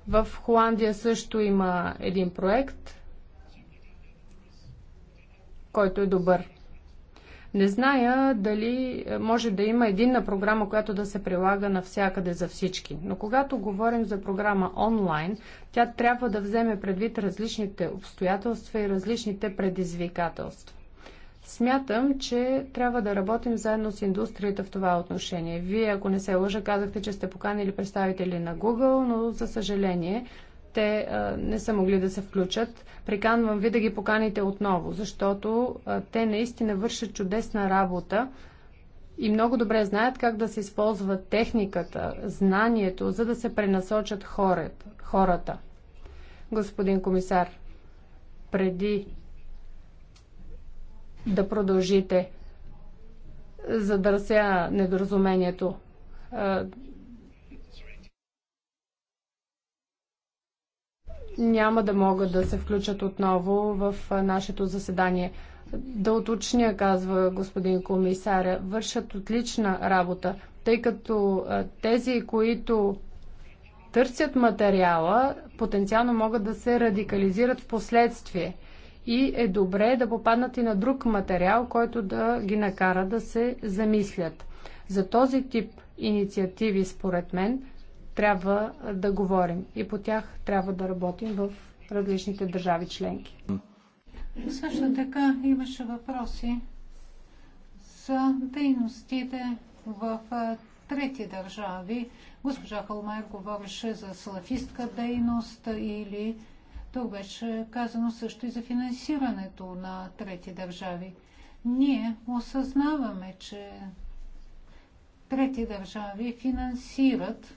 [SPEAKER 4] В Холандия също има един проект, който е добър. Не зная дали е, може да има единна програма, която да се прилага навсякъде за всички. Но когато говорим за програма онлайн, тя трябва да вземе предвид различните обстоятелства и различните предизвикателства. Смятам, че трябва да работим заедно с индустрията в това отношение. Вие, ако не се лъжа, казахте, че сте поканили представители на Google, но за съжаление те не са могли да се включат. Приканвам ви да ги поканите отново, защото те наистина вършат чудесна работа и много добре знаят как да се използва техниката, знанието, за да се пренасочат хората. Господин комисар, преди да продължите, за да разсея недоразумението, няма да могат да се включат отново в нашето заседание. Да уточня, казва господин комисаря, вършат отлична работа, тъй като тези, които търсят материала, потенциално могат да се радикализират в последствие. И е добре да попаднат и на друг материал, който да ги накара да се замислят. За този тип инициативи, според мен, трябва да говорим и по тях трябва да работим в различните държави членки.
[SPEAKER 2] Също така имаше въпроси за дейностите в трети държави. Госпожа Холмайер говореше за салафистка дейност или тук беше казано също и за финансирането на трети държави. Ние осъзнаваме, че трети държави финансират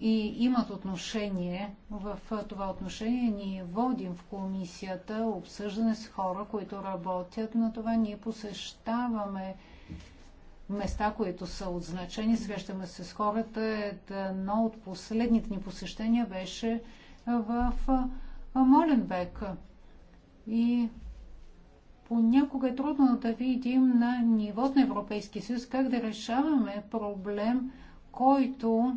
[SPEAKER 2] и имат отношение в това отношение. Ние водим в комисията обсъждане с хора, които работят на това. Ние посещаваме места, които са от значение. Срещаме се с хората. Едно от последните ни посещения беше в Моленбек. И понякога е трудно да видим на нивото на Европейския съюз как да решаваме проблем, който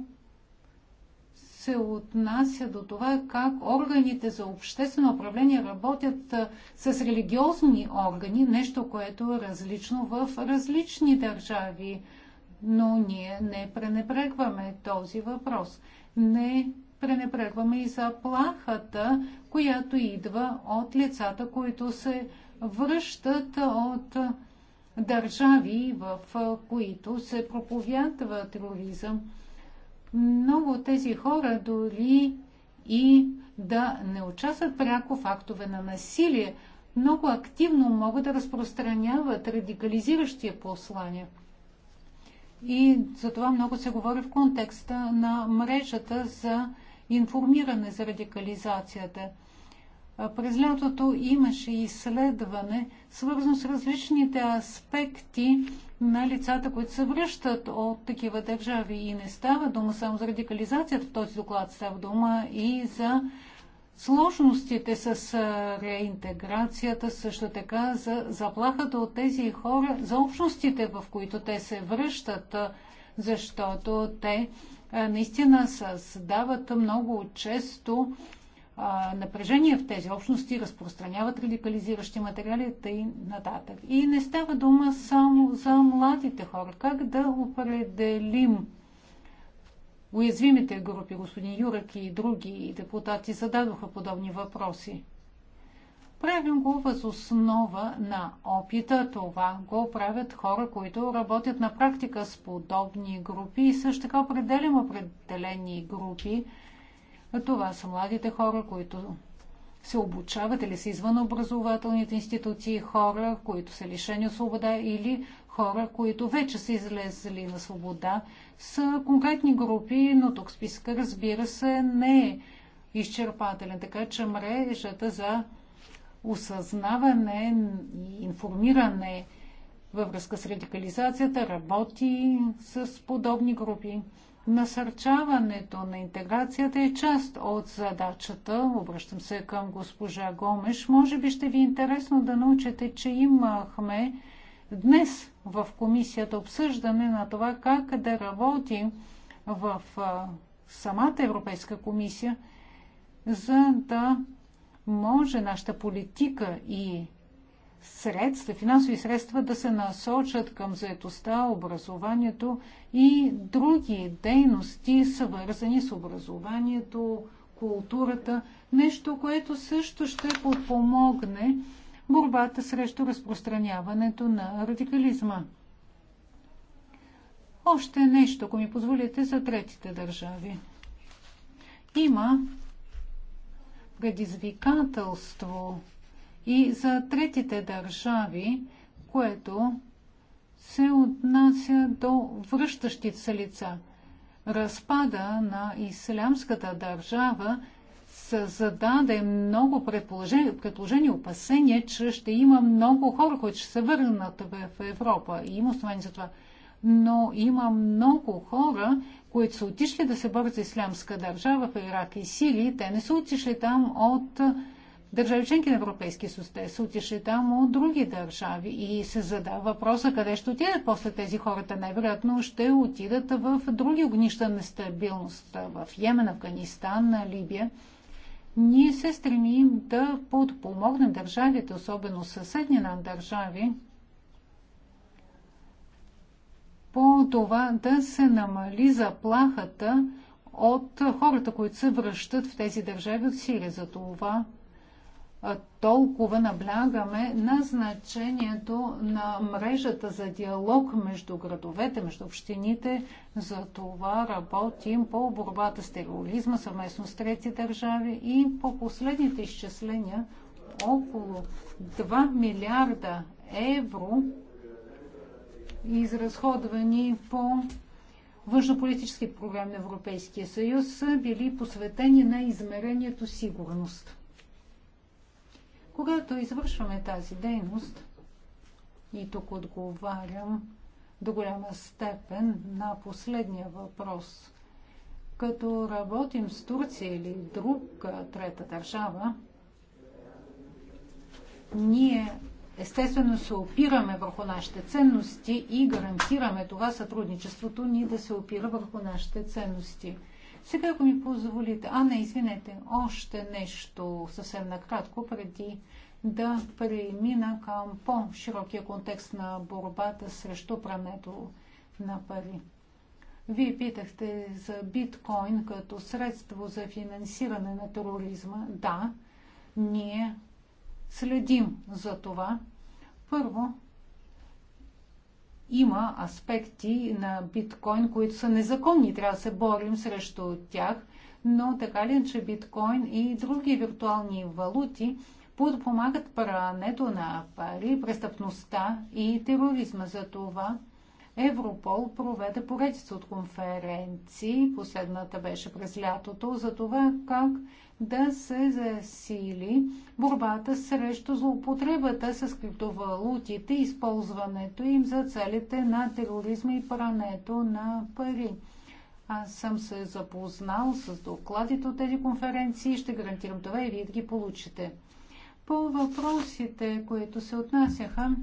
[SPEAKER 2] се отнася до това как органите за обществено управление работят с религиозни органи, нещо, което е различно в различни държави. Но ние не пренебрегваме този въпрос. Не пренебрегваме и заплахата, която идва от лицата, които се връщат от държави, в които се проповядва тероризъм. Много от тези хора дори и да не участват пряко в актове на насилие, много активно могат да разпространяват радикализиращия послания. И за това много се говори в контекста на мрежата за информиране за радикализацията. През лятото имаше изследване, свързано с различните аспекти на лицата, които се връщат от такива държави. И не става дума само за радикализацията в този доклад, става дума и за сложностите с реинтеграцията, също така за заплахата от тези хора, за общностите, в които те се връщат, защото те наистина създават много често напрежение в тези общности, разпространяват радикализиращи материали и нататък. И не става дума само за младите хора. Как да определим уязвимите групи? Господин Юрък и други депутати зададоха подобни въпроси. Правим го въз основа на опита. Това го правят хора, които работят на практика с подобни групи и също така определим определени групи, това са младите хора, които се обучават или са извън образователните институции, хора, които са лишени от свобода или хора, които вече са излезли на свобода, са конкретни групи, но тук списка, разбира се, не е изчерпателен. Така че мрежата за осъзнаване и информиране във връзка с радикализацията работи с подобни групи. Насърчаването на интеграцията е част от задачата. Обръщам се към госпожа Гомеш. Може би ще ви е интересно да научите, че имахме днес в комисията обсъждане на това как да работим в самата Европейска комисия, за да може нашата политика и средства, финансови средства да се насочат към заетостта, образованието и други дейности, свързани с образованието, културата, нещо, което също ще подпомогне борбата срещу разпространяването на радикализма. Още нещо, ако ми позволите, за третите държави. Има предизвикателство и за третите държави, което се отнася до връщащите се лица. Разпада на ислямската държава се зададе много предположения, предположения, опасения, че ще има много хора, които ще се върнат в Европа. И има основания за това. Но има много хора, които са отишли да се борят за ислямска държава в Ирак и Сирия. Те не са отишли там от държави членки на Европейския съюз. Те се отишли там от други държави и се задава въпроса къде ще отидат после тези хората. Най-вероятно ще отидат в други огнища на стабилност в Йемен, Афганистан, Либия. Ние се стремим да подпомогнем държавите, особено съседни нам държави, по това да се намали заплахата от хората, които се връщат в тези държави от Сирия. За това толкова наблягаме на значението на мрежата за диалог между градовете, между общините. За това работим по борбата с тероризма съвместно с трети държави и по последните изчисления около 2 милиарда евро изразходвани по външнополитически програми на Европейския съюз са били посветени на измерението сигурност. Когато извършваме тази дейност, и тук отговарям до голяма степен на последния въпрос, като работим с Турция или друг трета държава, ние естествено се опираме върху нашите ценности и гарантираме това сътрудничеството ни да се опира върху нашите ценности – сега, ако ми позволите... А, не, извинете, още нещо съвсем накратко, преди да премина към по-широкия контекст на борбата срещу прането на пари. Вие питахте за биткоин като средство за финансиране на тероризма. Да, ние следим за това. Първо, има аспекти на биткоин, които са незаконни. Трябва да се борим срещу тях, но така ли, че биткоин и други виртуални валути подпомагат прането на пари, престъпността и тероризма. За това Европол проведе поредица от конференции, последната беше през лятото, за това как да се засили борбата срещу злоупотребата с криптовалутите, използването им за целите на тероризма и прането на пари. Аз съм се запознал с докладите от тези конференции и ще гарантирам това и вие да ги получите. По въпросите, които се отнасяха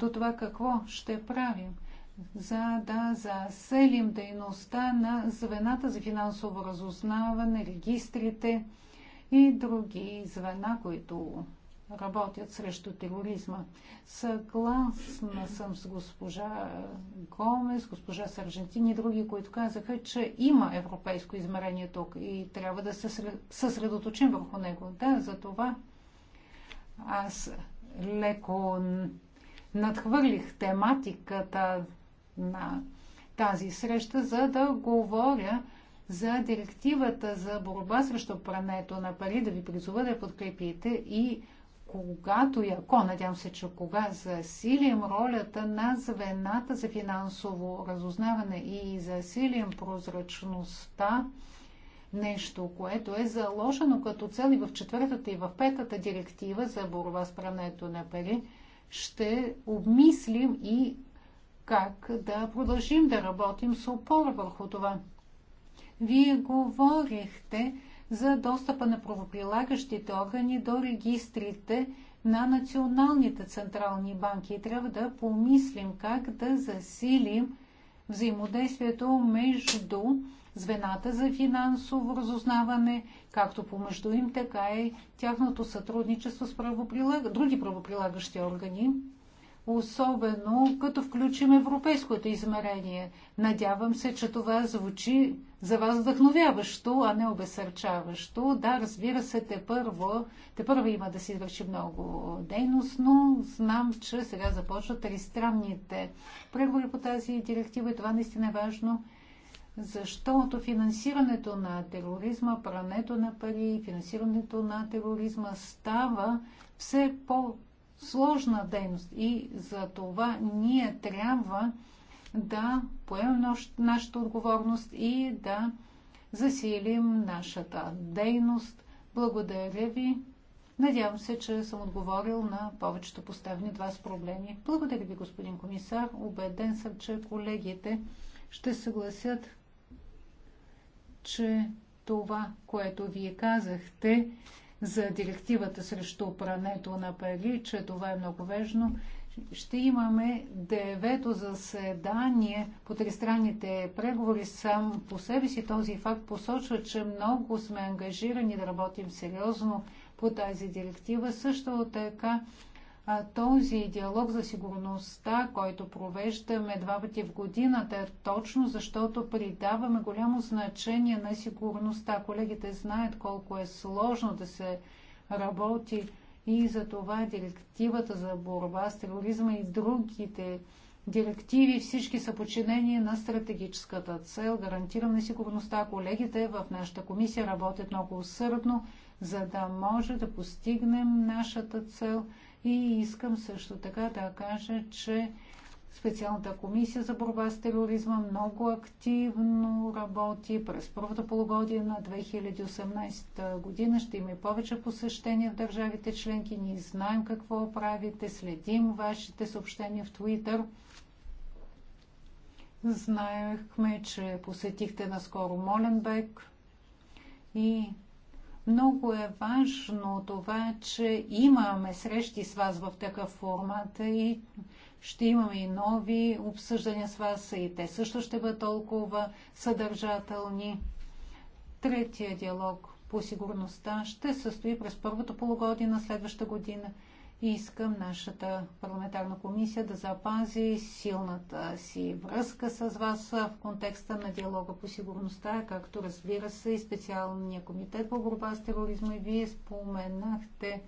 [SPEAKER 2] до това какво ще правим, за да заселим дейността на звената за финансово разузнаване, регистрите и други звена, които работят срещу тероризма. Съгласна съм с госпожа Гомес, госпожа Сържентин и други, които казаха, че има европейско измерение тук и трябва да се съсредоточим върху него. Да, за това аз леко надхвърлих тематиката на тази среща, за да говоря за директивата за борба срещу прането на пари, да ви призова да я подкрепите и когато и ако, надявам се, че кога засилим ролята на звената за финансово разузнаване и засилим прозрачността, нещо, което е заложено като цели в четвъртата и в петата директива за борба с прането на пари, ще обмислим и как да продължим да работим с опор върху това. Вие говорихте за достъпа на правоприлагащите органи до регистрите на националните централни банки. Трябва да помислим как да засилим взаимодействието между звената за финансово разузнаване, както помежду им, така и тяхното сътрудничество с правоприлаг... други правоприлагащи органи, особено като включим европейското измерение. Надявам се, че това звучи за вас вдъхновяващо, а не обесърчаващо. Да, разбира се, те първо, те първо има да си върши много дейност, но знам, че сега започват тристранните преговори по тази директива и това наистина е важно – защото финансирането на тероризма, прането на пари, финансирането на тероризма става все по-сложна дейност и за това ние трябва да поемем нашата отговорност и да засилим нашата дейност. Благодаря ви. Надявам се, че съм отговорил на повечето поставени от вас проблеми. Благодаря ви, господин комисар. Обеден съм, че колегите ще съгласят че това, което вие казахте за директивата срещу прането на пари, че това е много важно, ще имаме девето заседание по тристранните преговори. Сам по себе си този факт посочва, че много сме ангажирани да работим сериозно по тази директива. Също така този диалог за сигурността, който провеждаме два пъти в годината, е точно защото придаваме голямо значение на сигурността. Колегите знаят колко е сложно да се работи и за това директивата за борба с тероризма и другите директиви всички са подчинени на стратегическата цел гарантиране сигурността. Колегите в нашата комисия работят много усърдно, за да може да постигнем нашата цел – и искам също така да кажа, че специалната комисия за борба с тероризма много активно работи. През първото полугодие на 2018 година ще има и повече посещения в държавите членки. Ние знаем какво правите, следим вашите съобщения в Твитър. Знаехме, че посетихте наскоро Моленбек и много е важно това, че имаме срещи с вас в такъв формат и ще имаме и нови обсъждания с вас и те също ще бъдат толкова съдържателни. Третия диалог по сигурността ще състои през първото полугодие на следващата година – Искам нашата парламентарна комисия да запази силната си връзка с вас в контекста на диалога по сигурността, както разбира се и специалния комитет по борба с тероризма. И вие споменахте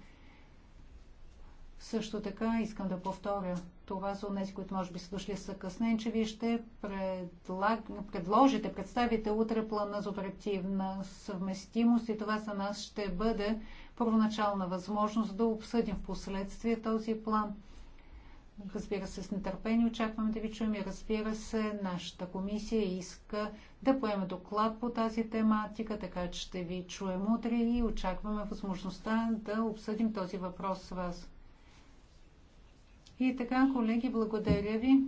[SPEAKER 2] също така, искам да повторя това за тези, които може би са дошли съкъснен, че вие ще предлаг... предложите, представите утре плана за оперативна съвместимост и това за нас ще бъде първоначална възможност да обсъдим в последствие този план. Разбира се, с нетърпение очакваме да ви чуем и разбира се, нашата комисия иска да поеме доклад по тази тематика, така че ще ви чуем утре и очакваме възможността да обсъдим този въпрос с вас. И така, колеги, благодаря ви.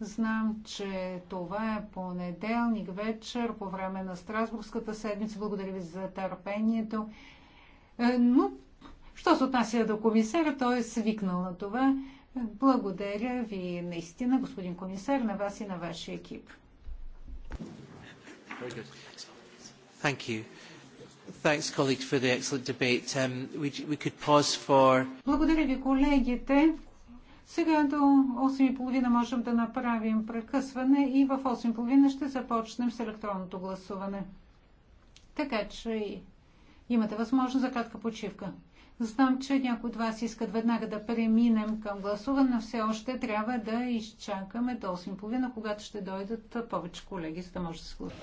[SPEAKER 2] Знам, че това е понеделник вечер по време на Страсбургската седмица. Благодаря ви за търпението е, но, що се отнася до комисара, той е свикнал на това. Благодаря ви наистина, господин комисар, на вас и на вашия екип.
[SPEAKER 1] Thank you. Thanks, colleagues, for the excellent debate. Um, we, we could pause for...
[SPEAKER 2] Благодаря ви, колегите. Сега до 8.30 можем да направим прекъсване и в 8.30 ще започнем с електронното гласуване. Така че Имате възможност за кратка почивка. Знам, че някои от вас искат веднага да преминем към гласуване, но все още трябва да изчакаме до 8.30, когато ще дойдат повече колеги, за да може да се гласуват.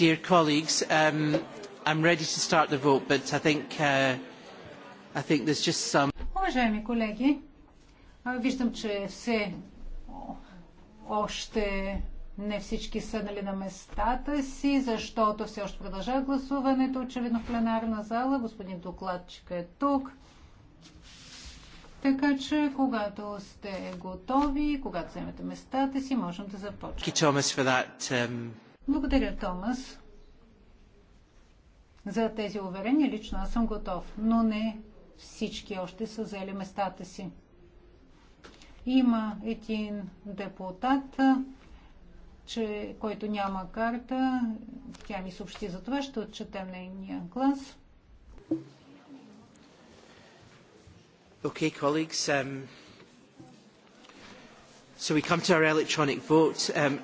[SPEAKER 1] Dear colleagues, um, I'm ready to start the vote, but I think, uh, I think there's just some...
[SPEAKER 2] Уважаеми колеги, виждам, че все още не всички са нали на местата си, защото все още продължава гласуването, очевидно в пленарна зала. Господин докладчик е тук. Така че, когато сте готови, когато вземете местата си, можем да започнем.
[SPEAKER 1] Um,
[SPEAKER 2] благодаря, Томас, за тези уверения. Лично аз съм готов, но не всички още са взели местата си. Има един депутат, че, който няма карта. Тя ми съобщи за това. Ще отчетем нейния глас.
[SPEAKER 1] Okay, colleagues, um, so we come to our electronic vote. Um,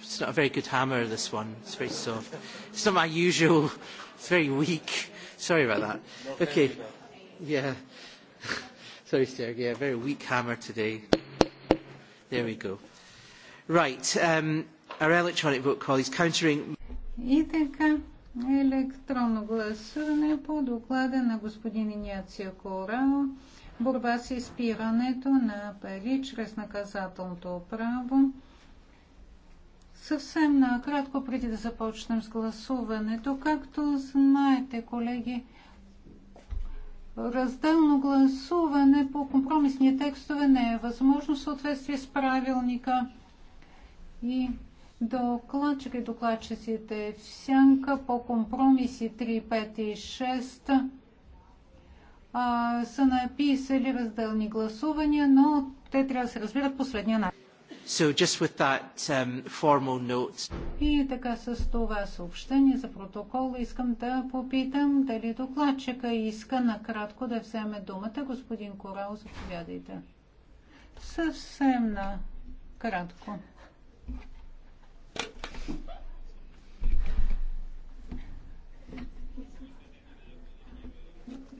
[SPEAKER 1] It's not a very good hammer, this one. It's very soft. It's not my usual. It's very weak. Sorry about that. Okay. Yeah. Sorry, Sergey. Yeah, very weak hammer today. There we go. Right. Um, our electronic vote call is countering.
[SPEAKER 2] think, uh електронно гласуване по доклада на господин Иняция Корал борба с изпирането на пари чрез наказателното право. Съвсем накратко, преди да започнем с гласуването, както знаете, колеги, разделно гласуване по компромисни текстове не е възможно в съответствие с правилника и докладчик и докладчиците в сянка по компромиси 3, 5 и 6 а, са написали разделни гласувания, но те трябва да се разбират последния начин.
[SPEAKER 1] So just with that um, formal note.
[SPEAKER 2] И така с това съобщение за протокол искам да попитам дали докладчика иска накратко да вземе думата. Господин Корал, заповядайте. Съвсем накратко.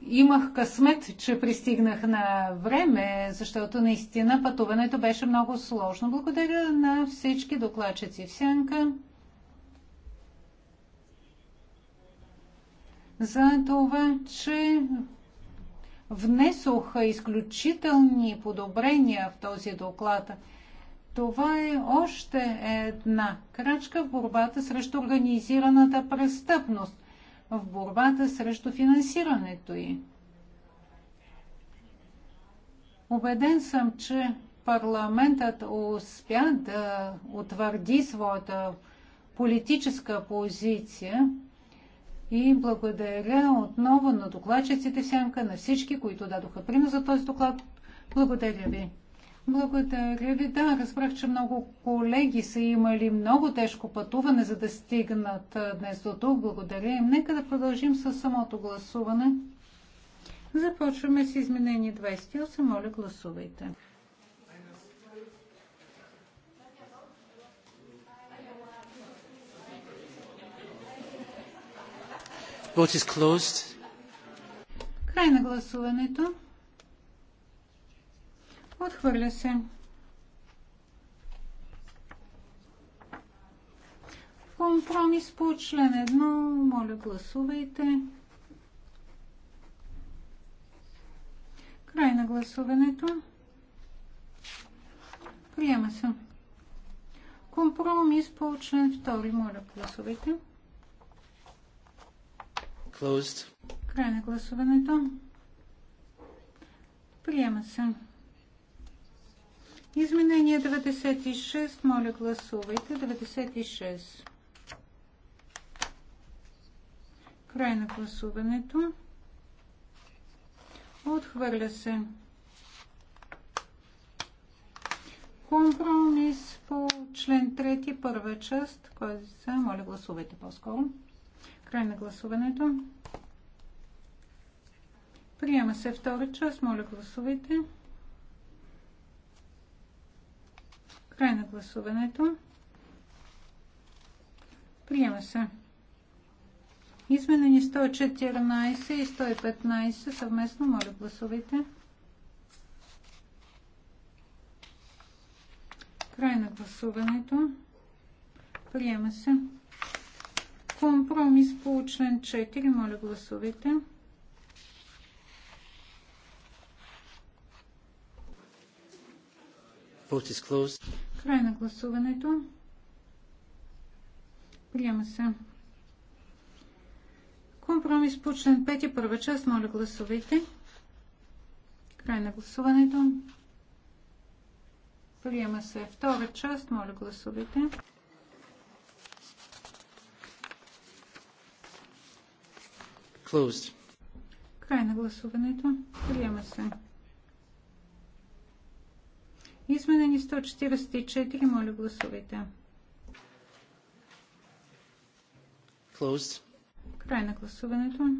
[SPEAKER 2] имах късмет, че пристигнах на време, защото наистина пътуването беше много сложно. Благодаря на всички докладчици в Сянка за това, че внесох изключителни подобрения в този доклад. Това е още една крачка в борбата срещу организираната престъпност – в борбата срещу финансирането й. Обеден съм, че парламентът успя да утвърди своята политическа позиция и благодаря отново на докладчиците в сянка, на всички, които дадоха принос за този доклад. Благодаря ви. Благодаря ви. Да, разбрах, че много колеги са имали много тежко пътуване, за да стигнат днес до тук. Благодаря им. Нека да продължим с самото гласуване. Започваме с изменение 28. Моля, гласувайте. Край на гласуването. Отхвърля се. Компромис по член 1. Моля, гласувайте. Край на гласуването. Приема се. Компромис по член 2. Моля, гласувайте.
[SPEAKER 1] Closed.
[SPEAKER 2] Край на гласуването. Приема се. Изменение 96. Моля, гласувайте. 96. Край на гласуването. Отхвърля се. Компромис по член 3, първа част. Кой се, Моля, гласувайте по-скоро. Край на гласуването. Приема се втора част. Моля, Гласувайте. Край на гласуването. Приема се. Изменени 114 и 115 съвместно. Моля, гласувайте. Край на гласуването. Приема се. Компромис по член 4. Моля, гласувайте.
[SPEAKER 1] Vote is closed.
[SPEAKER 2] Край на гласуването. Приема се. Компромис по член 5, първа част. Моля, гласувайте. Край на гласуването. Приема се втора част. Моля, гласувайте. Closed. Край на гласуването. Приема се. Изменени 144. Моля, гласувайте. Closed. Край на гласуването.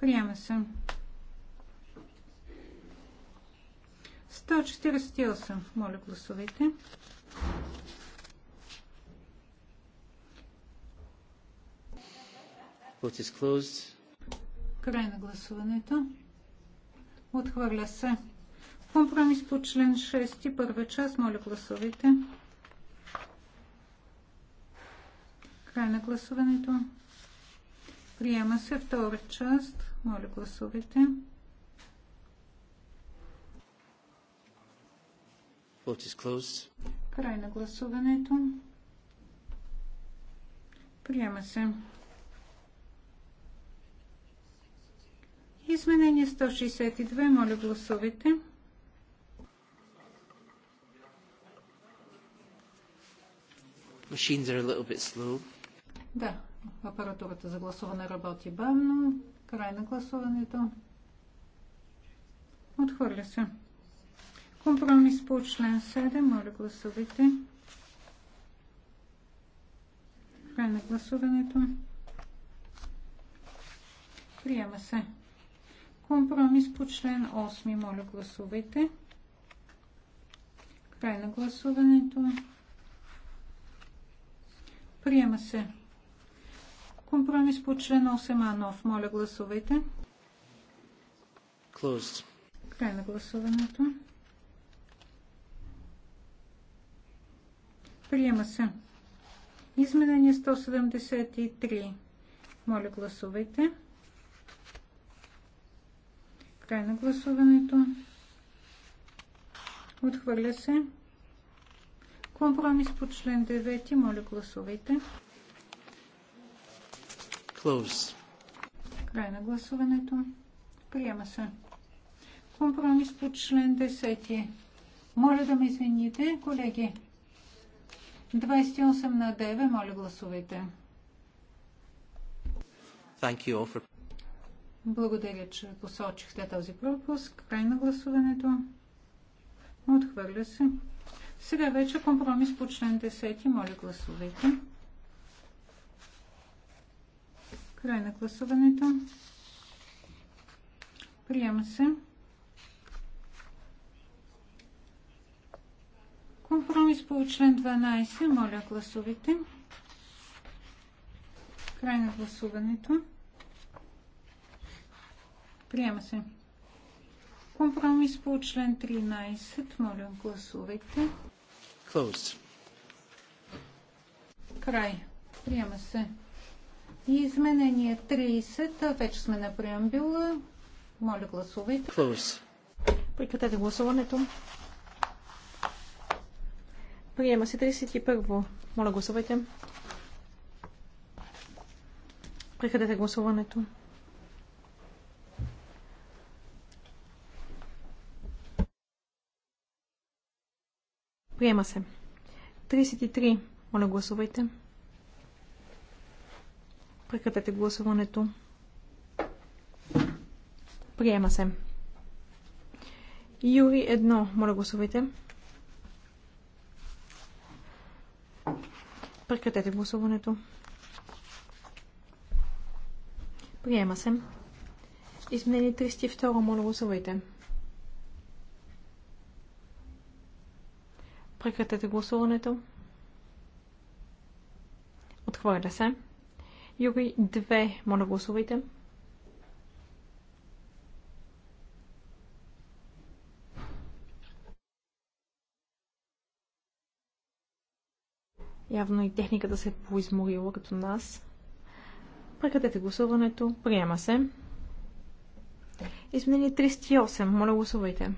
[SPEAKER 2] Приема се. 148. Моля, гласувайте.
[SPEAKER 1] Vote is closed.
[SPEAKER 2] Край на гласуването. Отхвърля се. Компромис по член 6, първа част. Моля, гласувайте. Край на гласуването. Приема се втора част. Моля, гласувайте. Край на гласуването. Приема се. Изменение 162. Моля, гласувайте.
[SPEAKER 1] Machines are a little bit slow.
[SPEAKER 2] Да, апаратурата за гласуване работи бавно. Край на гласуването. Отхвърля се. Компромис по член 7. Моля гласувайте. Край на гласуването. Приема се. Компромис по член 8. Моля гласувайте. Край на гласуването. Приема се. Компромис по член 8А нов. Моля, гласувайте. Closed. Край на гласуването. Приема се. Изменение 173. Моля, гласувайте. Край на гласуването. Отхвърля се. Компромис по член 9. Моля, гласувайте. Close. Край на гласуването. Приема се. Компромис по член 10. Моля да ме извините, колеги. 28 на 9. Моля, гласувайте.
[SPEAKER 1] Thank you all for...
[SPEAKER 2] Благодаря, че посочихте този пропуск. Край на гласуването. Отхвърля се. Сега вече компромис по член 10. Моля, гласувайте. Край на гласуването. Приема се. Компромис по член 12. Моля, гласувайте. Край на гласуването. Приема се. Компромис по член 13. Моля, гласувайте. Closed. Край. Приема се. И изменение
[SPEAKER 3] 30. Вече сме на преамбюла. Моля, гласувайте. Close. Прекратете гласуването. Приема се 31. Моля, гласувайте. Прекратете гласуването. Приема се. 33. Моля, гласувайте. Прекратете гласуването. Приема се. Юри 1. Моля, гласувайте. Прекратете гласуването. Приема се. Изменение 32. Моля, гласувайте. Прекратете гласуването. Отхвърля се. Юри 2. Моля гласувайте. Явно и техниката се е поизморила като нас. Прекратете гласуването. Приема се. Изменение 38, Моля гласувайте.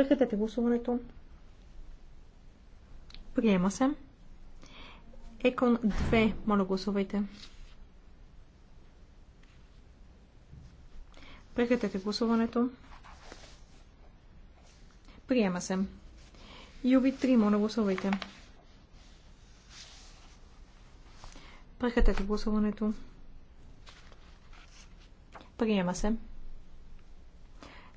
[SPEAKER 3] Прекратете гласуването. Приема се. Екон 2. Моля гласувайте. Прекратете гласуването. Приема се. Юби 3. Моля гласувайте. Прекратете гласуването. Приема се.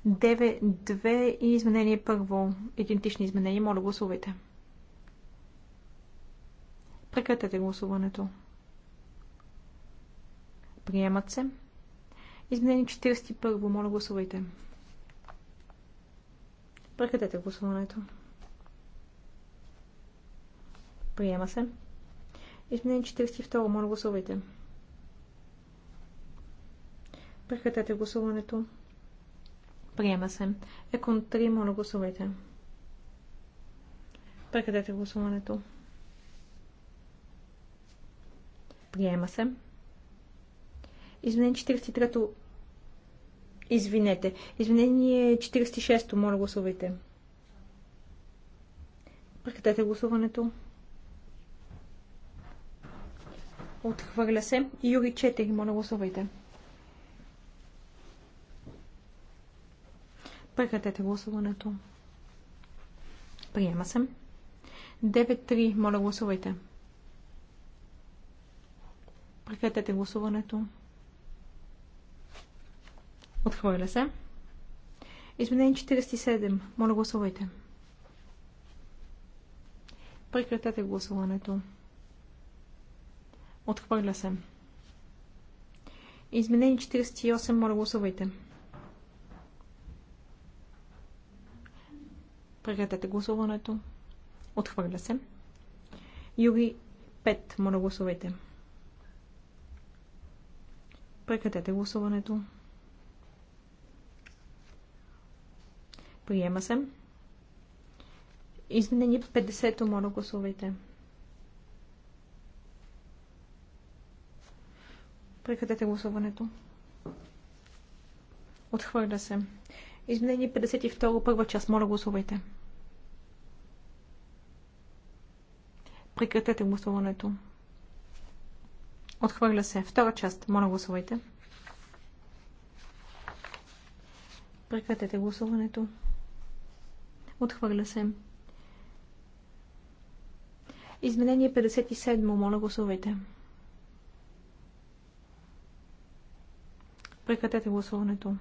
[SPEAKER 3] 9.2 и изменение първо. Идентични изменения. Моля, гласувайте. Прекратете гласуването. Приемат се. Изменение 41. Моля, гласувайте. Прекратете гласуването. Приема се. Изменение 42. Моля, гласувайте. Прекратете гласуването. Приема се. Екон 3, моля гласувайте. Прекратете гласуването. Приема се. Извинение 43-то. Извинете. Изменение 46-то. Моля гласувайте. Прекратете гласуването. Отхвърля се. Юри 4. Моля гласувайте. Прекратете гласуването. Приема се. 9-3. Моля гласувайте. Прекратете гласуването. Отхвърля се. Изменение 47. Моля гласувайте. Прекратете гласуването. Отхвърля се. Изменение 48. Моля гласувайте. Прекратете гласуването. Отхвърля се. Юри 5. Моля гласувайте. Прекратете гласуването. Приема се. Изменение 50-то, моля гласувайте. Прекратете гласуването. Отхвърля се. Изменение 52, първа част. Моля, гласувайте. Прекратете гласуването. Отхвърля се. Втора част. Моля, гласувайте. Прекратете гласуването. Отхвърля се. Изменение 57. Моля, гласувайте. Прекратете гласуването.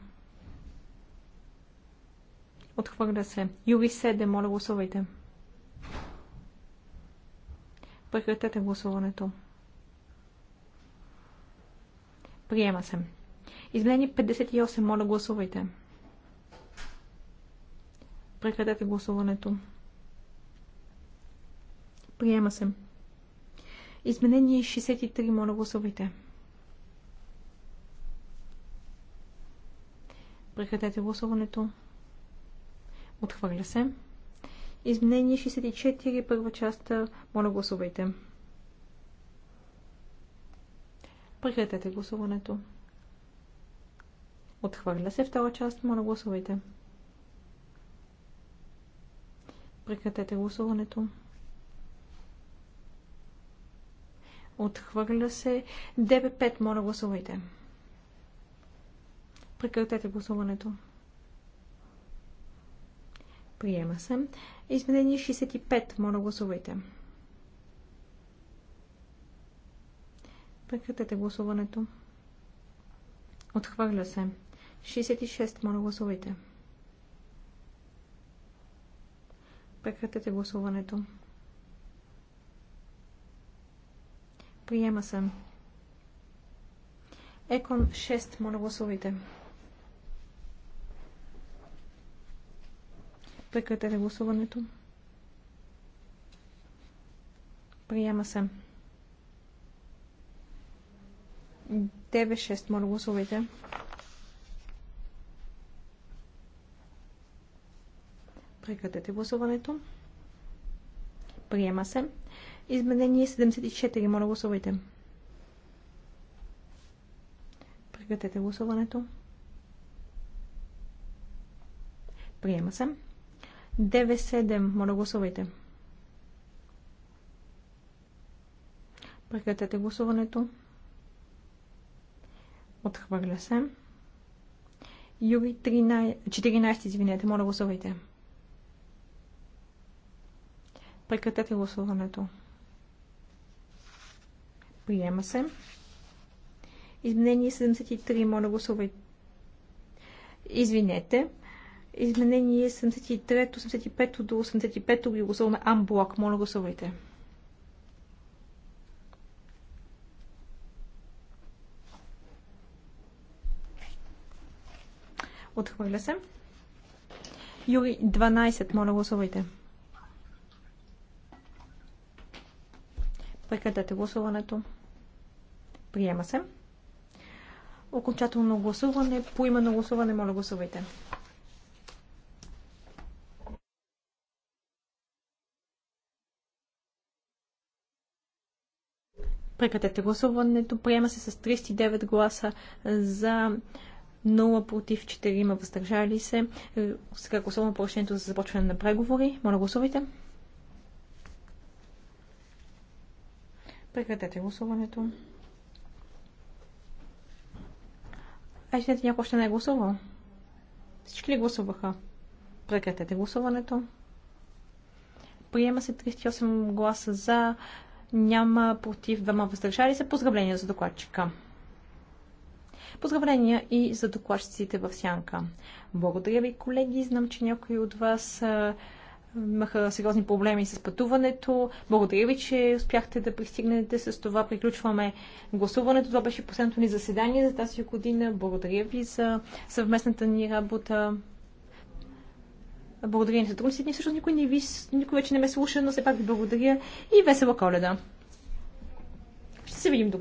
[SPEAKER 3] Отхвърля се. Юри 7, моля гласувайте. Прекратете гласуването. Приема се. Изменение 58, моля гласувайте. Прекратете гласуването. Приема се. Изменение 63, моля гласувайте. Прекратете гласуването. Отхвърля се. Изменение 64, първа част. Моля, гласувайте. Прекратете гласуването. Отхвърля се втора част. Моля, гласувайте. Прекратете гласуването. Отхвърля се. ДБ5, моля, гласувайте. Прекратете гласуването. Приема се. Изменение 65. Моля гласувайте. Прекратете гласуването. Отхвърля се. 66. Моля гласувайте. Прекратете гласуването. Приема се. Екон 6. Моля гласувайте. Прекратете гласуването. Приема се. 9-6, моля гласувайте. Прекратете гласуването. Приема се. Изменение 74, моля гласувайте. Прекратете гласуването. Приема се. 9-7. Моля, гласувайте. Прекратете гласуването. Отхвърля се. Юри 13, 14, извинете, моля гласувайте. Прекратете гласуването. Приема се. Изменение 73, моля гласувайте. Извинете. Изменение 73, 85 до 85 ги гласуваме амблок. Моля гласувайте. Отхвърля се. Юри 12, моля гласувайте. Прекратете гласуването. Приема се. Окончателно гласуване, на гласуване, моля гласувайте. Прекратете гласуването. Приема се с 39 гласа за 0 против 4 въздържали се. Сега гласуваме по решението за започване на преговори. Моля гласувайте. Прекратете гласуването. А извинете, някой още не е гласувал. Всички ли гласуваха? Прекратете гласуването. Приема се 38 гласа за, няма против, двама въздържали се. Поздравления за докладчика. Поздравления и за докладчиците в Сянка. Благодаря ви, колеги. Знам, че някои от вас имаха сериозни проблеми с пътуването. Благодаря ви, че успяхте да пристигнете. С това приключваме гласуването. Това беше последното ни заседание за тази година. Благодаря ви за съвместната ни работа. Благодаря за сътрудниците ни. Всъщност никой, не ви, никой вече не ме слуша, но все пак ви благодаря и весела коледа. Ще се видим до